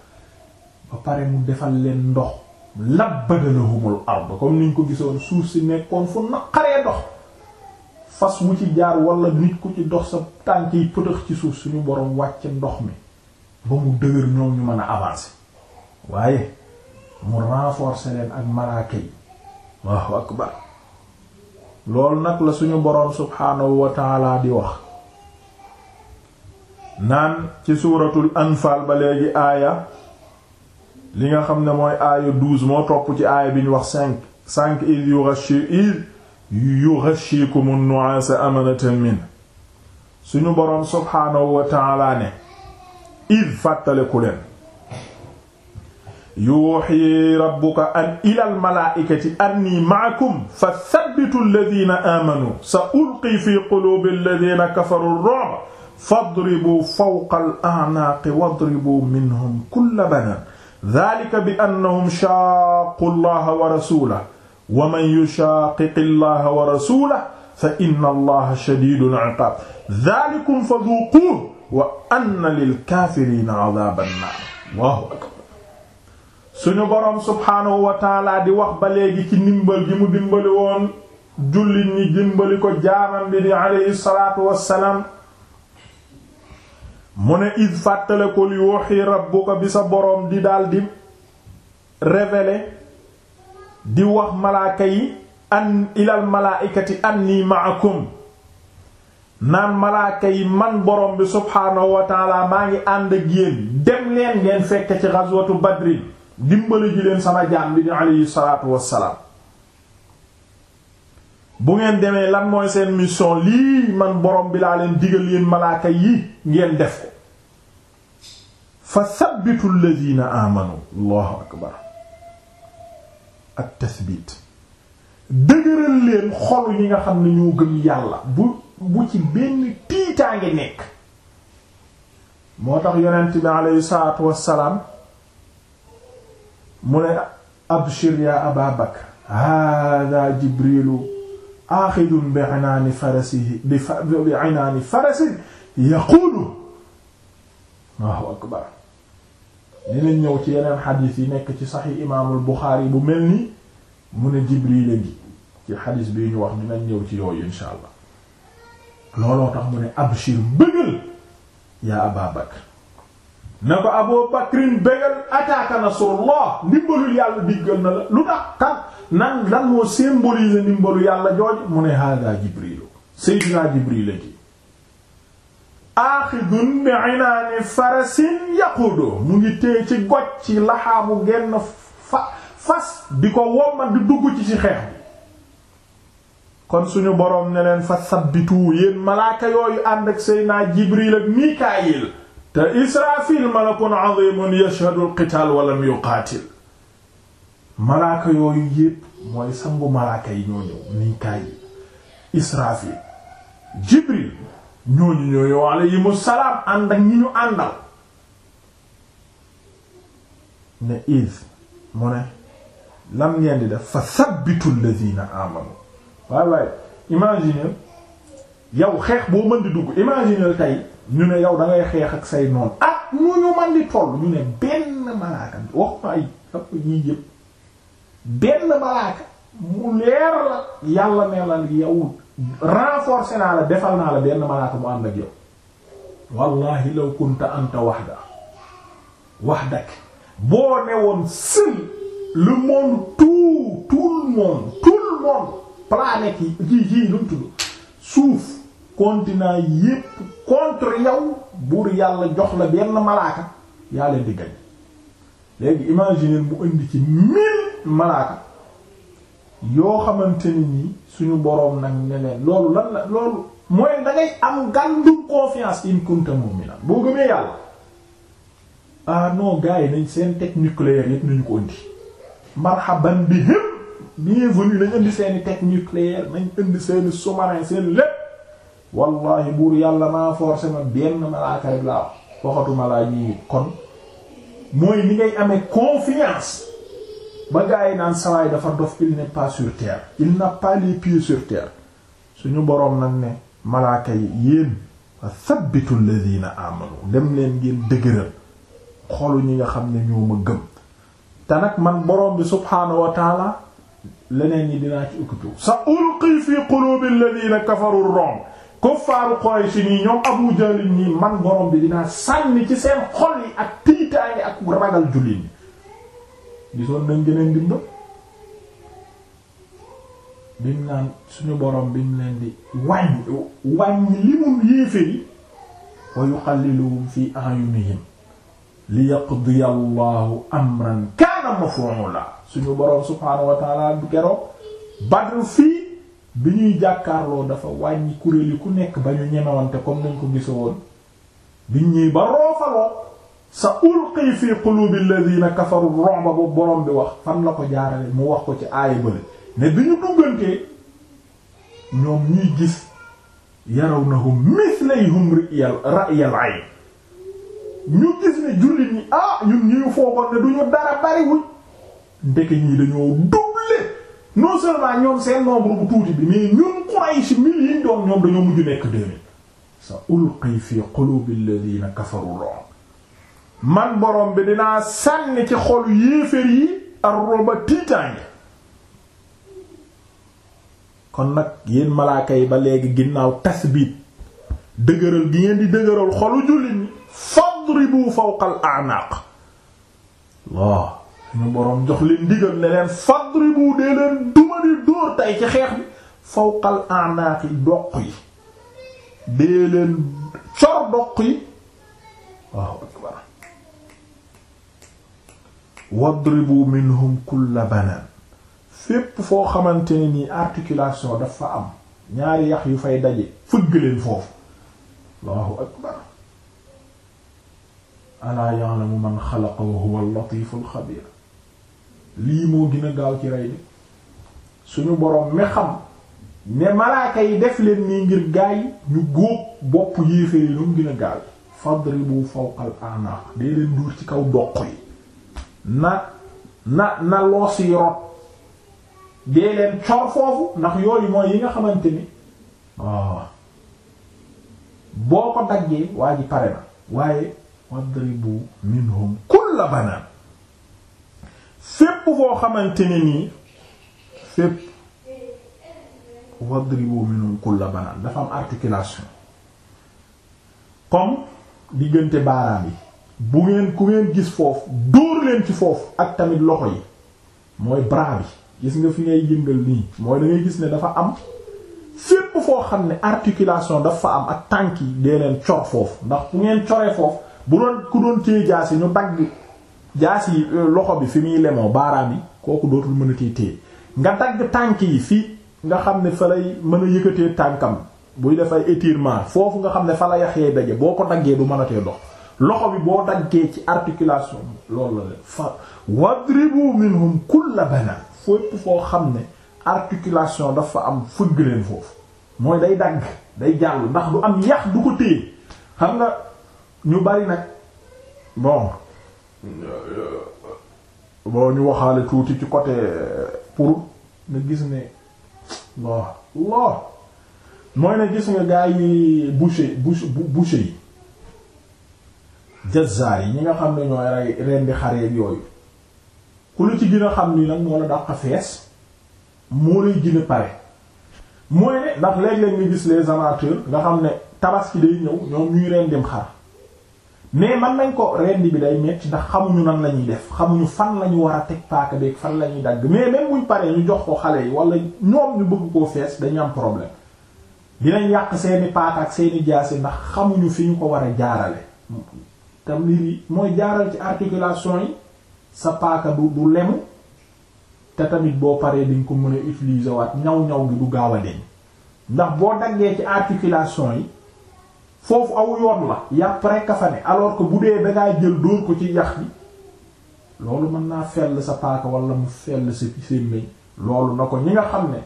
ba pare mu defal leen ndox labbadalahumul ard comme niñ ko gisoon suuf si nekkoon fu naqaree dox fas wu ci jaar wala nit ku ci dox sa tànk yi pëtëx ci suuf suñu borom wàcc ndox mi ba mu dëgër ñoom ñu mën a avancer waaye mu renforcer leen ak malaaka yi loolu nag la suñu boroom subhaanahu wa taala di wax naan ci suuratul anfaal ba léegi aaya li nga xam ne mooy aaya douze moo topp ci aaya bi ñu wax cinq cinq id yughashi id yughashikumun nu'asa amanatan min suñu boroom subhaanahu wa taala ne id fàttaleku leen yuuxi rabbuka an ilal malaa'ikati anni ma'akum fathabbitu alladhiina aamanu sa ulqi fi quluubi alladhiina kafaru ar-ru'ba fadribuu fawqa al-a'naaqi wadribuu minhum kulla banaan dhaalika bi annahum shaaqu allaha wa rasuulahu wa man yushaqiqi allaha wa rasuulahu fa inna allaha shadiidul 'iqaab dhaalikum fadhuuquuhu wa anna lil kaafiriina 'adhaaban naar suñu boroom subhaanahu wa taala di wax ba léegi ci ndimbal gi mu dimbali woon jullit ñi dimbali ko jaamam bi di aleyhi salaatu wassalaam mu ne id fàttalikul yuuxi rabbuka bi sa boroom di daldi révéler di wax malaaka yi an ilal malaaikati anni ma'akum naan malaaka yi man boroom bi subhaanahu wa taala maa ngi ànd ak yéen dem leen ngeen fekk ci ghazwatu badrin dimbali ji leen sama jaam bi di alayhi salaatu wassalaam bu ngeen demee lan mooy seen mission lii man borom bi laa leen digal yéen malaaka yi ngeen def ko fa sabbitu alladhina amanu allahu akbar ak tasbit dëgëral leen xolu ñi nga xam ne ñoo gëm yàlla bu bu ci benn tiitaange nekk moo tax yonent bi alayhi salaatu wassalaam mu ne abshir ya aba bakr hada jibrilu axidun bi inaani farasihi bi inaani farasi yaquulu Allahu akbar dinañ ñëw ci yeneen xadis yi nekk ci saxi imaamul Buxaari bu mel ni mu ne jibril gi ci xadis bi ñu wax dinañ ñëw ci yooyu insha allah looloo tax mu ne abshir bëggal yaa aba bakr na ko Abu Bakrin bégal ataaka nasrullah ndimbalul yàlla diggal na lu tax kan nan lan moo symboliser ndimbalu yàlla jooju mu ne hada Jibrilu Seydina Jibril aaxidun bi inaani farasin yaqudu mu ngi téye ci goj ci laxaabu genn fas di ko wommat di dugg ci ci xeex bi kon suñu boroom ne leen fa sabbitu yéen malaaka yooyu ànd ak Seydina Jibril Mikaayil te israfil malakun azimun yashhadu alqital walam yuqaatil malaaka yooyu yépp mooy sangu malaaka yi ñoo ñëw niñ kaay yi israfil jibril ñooñu ñoo alayhimu salaam ànd ak ñi ñu àndal ne id mu ne lan ngeen di def fa sabbitu alladhina amanu waaye yow xeex boo mën di dugg imaginer tey ñu ne yow dangay ngay xeex ak say noon ak mu ñu man di toll ñu ne benn malaaka mu leer la yàlla ne la yow renforcer naa la defal naa la benn malaaka mu ànd ak yow wallahi law kunta anta wahda wahdak boo newoon seul le monde tout tout le monde tout le monde planète yi yi yi lu mu tudd suuf continent yépp contre yow buur yàlla jox la benn malaaka yaa leen di gañ léegi imaginer mu indi ci mille malaaka yoo xamante ni nii suñu boroom nag ne loolu lan la loolu mooy da ngay am gàndu confiance in kuntum mu'minan boo gëmee yàlla ah non gars yi nañ seen technique nucléaire yépp nañu ko indi marhaban bihim bienvenue nañ indi seeni technique nucléaire nañ indi seeni sous seen lépp wallahi buur yàlla maa forcé ma benn malaaka rek laa waxatuma laa ñuy kon mooy ni ngay amee confiance ba gars yi naan sawaay dafa dof il n'est pas sur terre il n'a pas les pieds sur terre suñu boroom nag ne malaaka yi yéen thabbitu alladhina amanu dem leen ngeen dëgëral xolu ñi nga xam ne ñoo ma gëm te nag man boroom bi subhaanahu wa leneen yi dinaa ci occupé sa ulqi fi qulubi alladhina kafaru ar kuffaaru Quraysh ñi ñoom Abu Jahl ñi man borom bi dinaa sànni ci seen xol yi ak tiitaange ak ragal jullit ñi gisoon nañ geneen dimba bimu naan suñu borom bimu leen di wàññ wàññi li mum yéeféri wa yuqalliluhum fi a'yunihim li yaqdiya allahu amran kaana maf'ula suñu borom subhaanahu wa bu keroog Badr fii bi ñuy jàkkaarloo dafa wàññi kuréel yi ku nekk ba ñu ñemewante comme nañ ko gisa woon biñ ñii ba roofaloo sa ulqi fi qulubi alladhina kafaru ru'ba bu borom bi wax fan la ko jaarale mu wax ko ci aaya bële ne bi ñu duggantee ñoom ñuy gis yarawnahum mithlayhum ra'yal ra'yal ayn ñu gis ne jullit ñi ah ñun ñuy foogoon ne du ñu dara bariwuñ ndeke ñii dañoo doublé non seulement ñoom seen nombre bu tuuti bi mais ñun Quraysh mille yiñ doon ñoom dañoo mujj nekk deux sa ulqi fi qulubi alladhina kafaru ron man borom bi dinaa sànni ci xolu yéeféer yi arroba tiitaange kon nag yéen malaaka yi ba léegi ginnaaw tasbiit dëgëral gi ngeen di dëgëral xolu jullit ñi fadribu fawqa al suñu boroom jox leen ndigal ne leen fadribu dee leen duma di dóor tay ci xeex bi fawqal anaaqi doq yi dee leen cor doq yi waaw akbar wadribu minhum kulla banaan fépp foo xamante ne nii articulation dafa am ñaari yax yu fay daje fëgg leen foofu allahu akbar alaa ya'lamu man xalaqa wa huwa al-latiiful lii moo gën gaaw ci rey bi suñu boroom mi xam ne malaaka yi def leen nii ngir gaay ñu góob bopp yéeféer yi lu mu gën a gaaw fadribu fawqal a'naq day leen duur ci kaw doq yi na na na loos yi dee leen cor foofu ndax yooyu mooy yi nga xamante ni waaw ah, boo ko daggee waa ji pare na waaye fadribu minhum kulla banaan fépp foo xamante ne nii fépp wadribu minhum kulla banaan dafa am articulation comme diggante baaraam yi bu ngeen ku ngeen gis foofu dóor ci foofu ak tamit loxo yi mooy bras bi gis nga fi ngay yëngal nii mooy da gis ne dafa am fépp foo xam ne articulation dafa am ak tànk yi dee leen cor foofu ndax bu ngeen coree foofu bu doon ku doon téye jaas ñu dagg jaas yi euh, loxo bi fi muy lemoo baaraam yi kooku dootul mën a téye nga dagg tànk yi fii nga xam ne fa lay mën a yëkkatee tànkam buy def étirement foofu nga xam ne fa la yax daje boo ko daggee du mën a tee dox loxo bi boo daggee ci articulation loolu la leen fa wadribu minhum kulla bana fépp foo xam ne articulation dafa am fëgg leen foofu mooy day dagg day jàll ndax du am yax du ko téye xam nga ñu bari nag bon boo ñu waxaale tuuti ci côté euh, pour nga gis ne Allah Allah mooy ne gis nga gaa yi boucher boucher boucher yi jazzaar yi ñi nga xam ne ñooy rey rendi xareet yooyu ku lu ci gën a xam ni nag moo la dàq fees moo lay gën pare mooy ne ndax léeg-léeg nga gis les amateurs nga xam ne tabaski day ñëw ñoom ñuy rendim xar mais man nañ ko rendi bi day metti ndax xamuñu nan la ñuy def xamuñu fan la ñu war a teg paaka beeg fan la ñuy dagg mais même buñ paree ñu jox ko xale yi wala ñoom ñu bëgg koo fees dañu am problème dinañ yàq seeni paaka ak seeni jaasi ndax xamuñu fi ñu ko war a jaarale tam lii mooy jaaral ci articulation yi sa paaka du du lemu te tamit boo paree dañ ko mën a utiliser waat ñaw ñaw gi du gaaw a deñ ndax boo daggee ci articulation yi foofu aw yoon la yàpp rekk a fa ne alors que bu dee dangaa jël dóor ko ci yax bi loolu mën naa fell sa paaka wala mu si sa sémmiñ loolu na ko ñi nga xam ne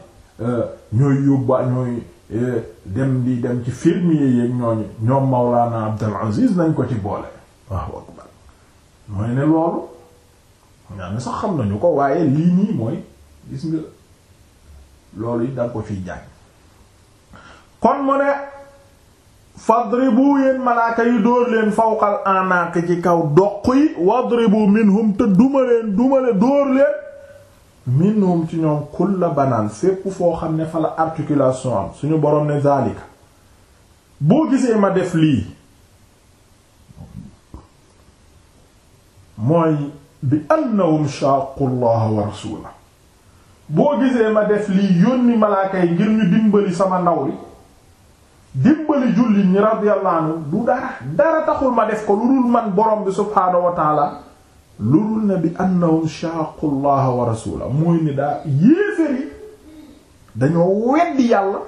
euh, ñooy yóbba ñooy euh, dem di dem ci film yeeg ñooñu ñoom Mawlana Abdul Aziz nañ ko ci boole waaw akbar mooy ne loolu ñaa ne sax xam nañu ko waaye lii nii mooy gis nga loolu yi danga ko fi jàng kon mu ne fadribu yéen malaaka yi dóor fawqal anaaq ci kaw doq yi wadribu minhum te duma leen dumale dóor leen minhum ci ñoom kulla banaan fépp foo xam ne fa la articulation am suñu boroom ne zalika boo gisee ma def lii mooy bi annahum shaaqu llaha wa rasulahu boo gisee ma def lii yónni malaaka yi ngir ñu dimbali sama ndaw li dimbali jullit ñi radiyallahu anhu du dara dara taxul ma def ko lu dul man borom bi subhaanahu wa taala lu dul na bi annahum shaaqu llaha wa rasula mooy ni daa yéefér yi dañoo weddi yàlla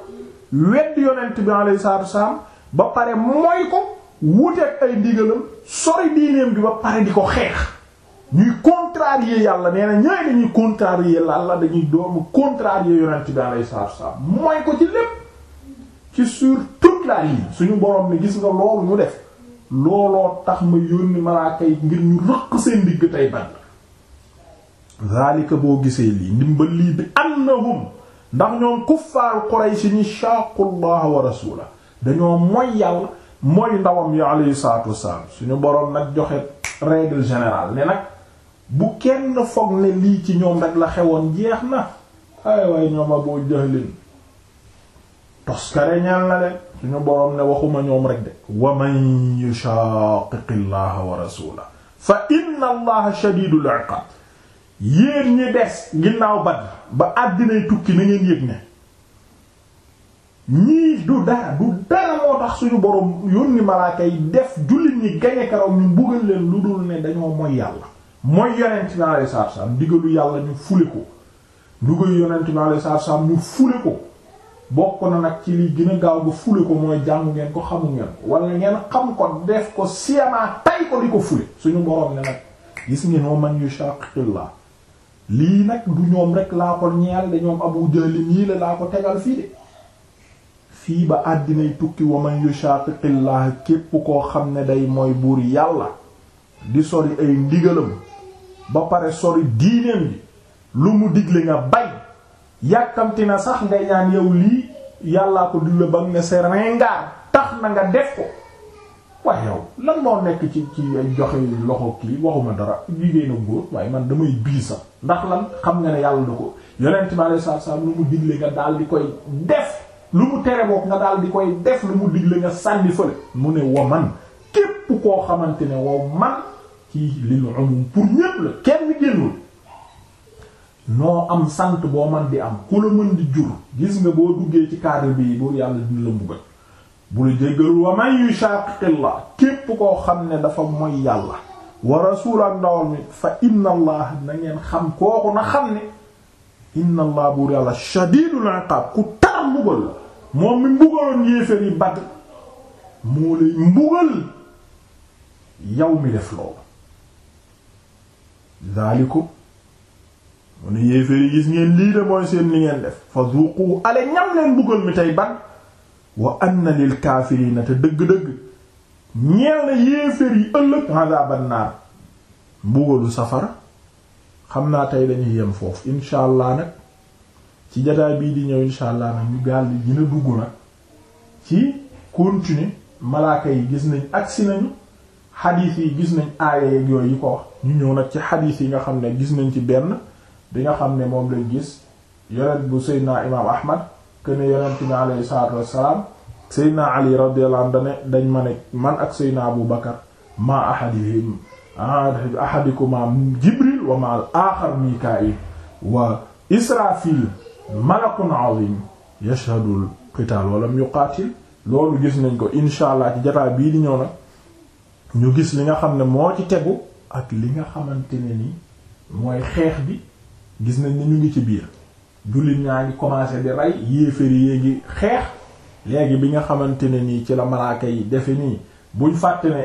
weddi yonent bi alayhi salaatu wasalaam ba pare mooy ko wuteek ay ndigalam sori diineem bi ba pare di ko xeex ñuy contrarier yàlla nee na ñooy dañuy contrarier yàlla dañuy doomu contrarier yonent bi alayhi salaatu wasalaam mooy ko ci lépp ci sur toute la ligne suñu borom ne gis nga loolu ñu def looloo tax ma yónni malaaka yi ngir ñu rëq seen digg tey ban boo gisee lii ndimbal lii bi annahum ndax ñoom kuffaaru Quraysh ñi shaqu llaha dañoo mooy yàlla mooy ndawam yi alayhi salatu wasalaam suñu boroom nag joxe règle générale ne nag bu kenn foog ne lii ci ñoom rek la xewoon jeex na ay waaye ñoom Abu Jahlin toskare ñeel na leen suñu boroom ne waxuma ñoom rek de wa man yushaqiqi llaha wa rasula fa inna allaha shadidul iqab yéen ñi des ginnaaw Badr ba àddinay tukki na ngeen yëg ne ñii du dara du dara moo tax suñu boroom yónni malaaka yi def jullit ñi gañe ñu mbugal leen lu dul ne dañoo mooy yàlla mooy yonent bi alayhi salaatu salaam digalu yàlla ñu fule ko dugal yonent bi alayhi salaatu salaam ñu fule ko bokk na nag ci li gën a gaaw ba fule ko mooy jàngu ngeen ko xamu ngeen wala ngeen xam ko def ko siyamaa tay ko di ko fule suñu boroom ne nag gis ngeen oo man yushaqiqillah lii nag du ñoom rek laa ko ñeel de ñoom abu jahlin yii la laa ko tegal fii de fii ba àddinay tukki wa man yushaqiqillah képp koo xam ne day mooy buur yàlla di sori ay ndigalam ba pare sori diineem bi lu mu digle nga bay yàkkamti na sax ngay ñaan yow lii yàllaa ko dula ba nga ne c'est ringard tax na nga def ko waaye yow lan moo nekk ci ci ay joxe loxo kii waxuma dara jigéen ak góor waaye man damay bii sax ndax lan xam nga ne yàlla du ko yonent ma alayhi salaatu salaam lu mu digle nga daal di koy def lu mu tere boog nga daal di koy def lu mu digle nga sànni fële mu ne wa man képp koo xamante ne wow man ci lil umum pour ñépp la kenn génnul noo am sant boo man di am ku la mën di jur gis nga boo duggee ci cadre bi buur yàlla dina la mbugal bu la jéggalu wa man yushaaqillah képp koo xam ne dafa moy yàlla wa rasulan ndawal mi fa inna allah na xam kooku na xam ne inna allah buur yàlla shadidul iqab ku tar mbugal moom mi mbugaloon yéeféer yi Badr moo lay mbugal yow mi def loolu daaliku mu ne yéeféer yi gis ngeen lii de seen li ngeen def fa zuqu ale ñam leen mbugal mi tey ban wa anna lil kaafiriina te dëgg-dëgg ñeel na yéeféer yi ëllëg adaaban mbugalu safara xam naa tey dañuy yem foofu incha nag ci jataay bii di ñëw incha nag ñu gaal di gën a dugg nag ci continuer malaaka yi gis nañ agsi nañu xadiis yi gis nañ aaya yeeg yooyu yi ko wax ñu ñëw nag ci xadiis yi nga xam ne gis nañ ci benn bi nga xam ne moom lañ gis yonent bu seydna imam ahmad kuene yonent bi aleyhi salatu wassalaam seydna ali radiyallahu anhu dane dañ ma ne man ak seydna abu bakar ma ahadihim ahadikuma jibril wa ma al axar mikail wa israfil malakun azim yashhadul qital walam yuqaatil loolu gis nañ ko insha allah ci jataa bii di ñëw nag ñu gis li nga xam ne moo ci tegu ak li nga xamante ne ni mooy xeex bi gis nañ ni ñu ngi ci biir jullit ñaa ngi commencé di rey yéeféri yéegi xeex léegi bi nga xamante ne nii ci la malaaka yi defe nii buñ fàtte ne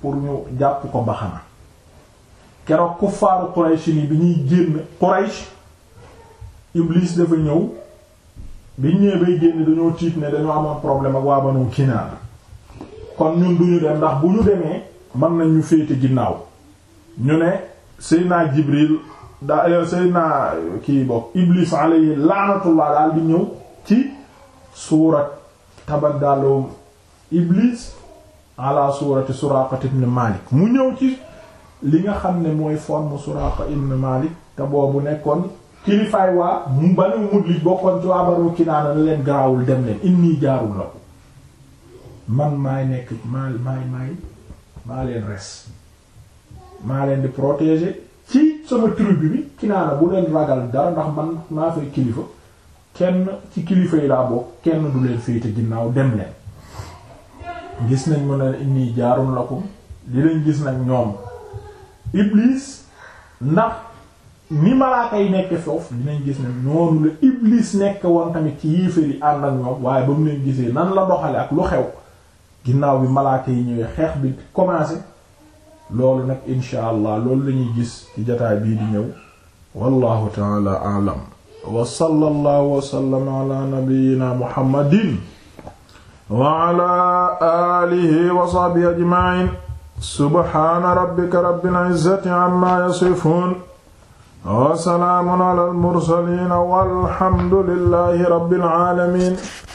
pour ñu jàpp ko baxana keroog kuffaaru Quraysh ni bi ñuy génn Quraysh Iblis dafa ñëw biñ ñëwee bay génn dañoo tiit ne dañoo amoon problème ak waa Banu Kinaana kon ñun duñu dem ndax bu ñu demee mën nañ féete ginnaaw ñu ne Seydina Jibril daa euh, Seydina kii bokk Iblis alayhi laanatullah daal di ñëw ci suurat tabaddalum Iblis ala suurati Suraqat Malik mu ñëw ci li nga xam ne mooy forme Suraqa ibn Malik te boobu nekkoon kilifaay waa mu banu Mudlij bokkoon ci waa Banu Kinaana leen garawul dem leen inni jaarul la ko man maay nekk maa maay maay maa leen res maa leen di protéger sama tribu bi Kinaana bu leen ragal dara ndax man maa fay kilifa kenn ci kilifa yi laa kenn du leen féete ginnaaw dem leen gis nañ mu ne inni jaarul lakum li leen gis nag ñoom iblis ndax ni malaaka yi nekk foofu dinañ gis ne noonu nekk woon tamit ci yéeféri ànd ak ñoom waaye ba mu leen gisee nan la doxale ak lu xew ginnaaw bi malaaka yi ñëwee xeex bi commencé loolu nag insha allah loolu lañuy gis ci jataay bii di ñëw wallahu taala alam wa sallallahu wa sallama ala nabiyyina muhammadin wa ala alihi wa sahbihi ajma'in subhana rabbika rabbil izzati amma yasifun wa salaamun ala al mursalin walhamdulillahi rabbil alamin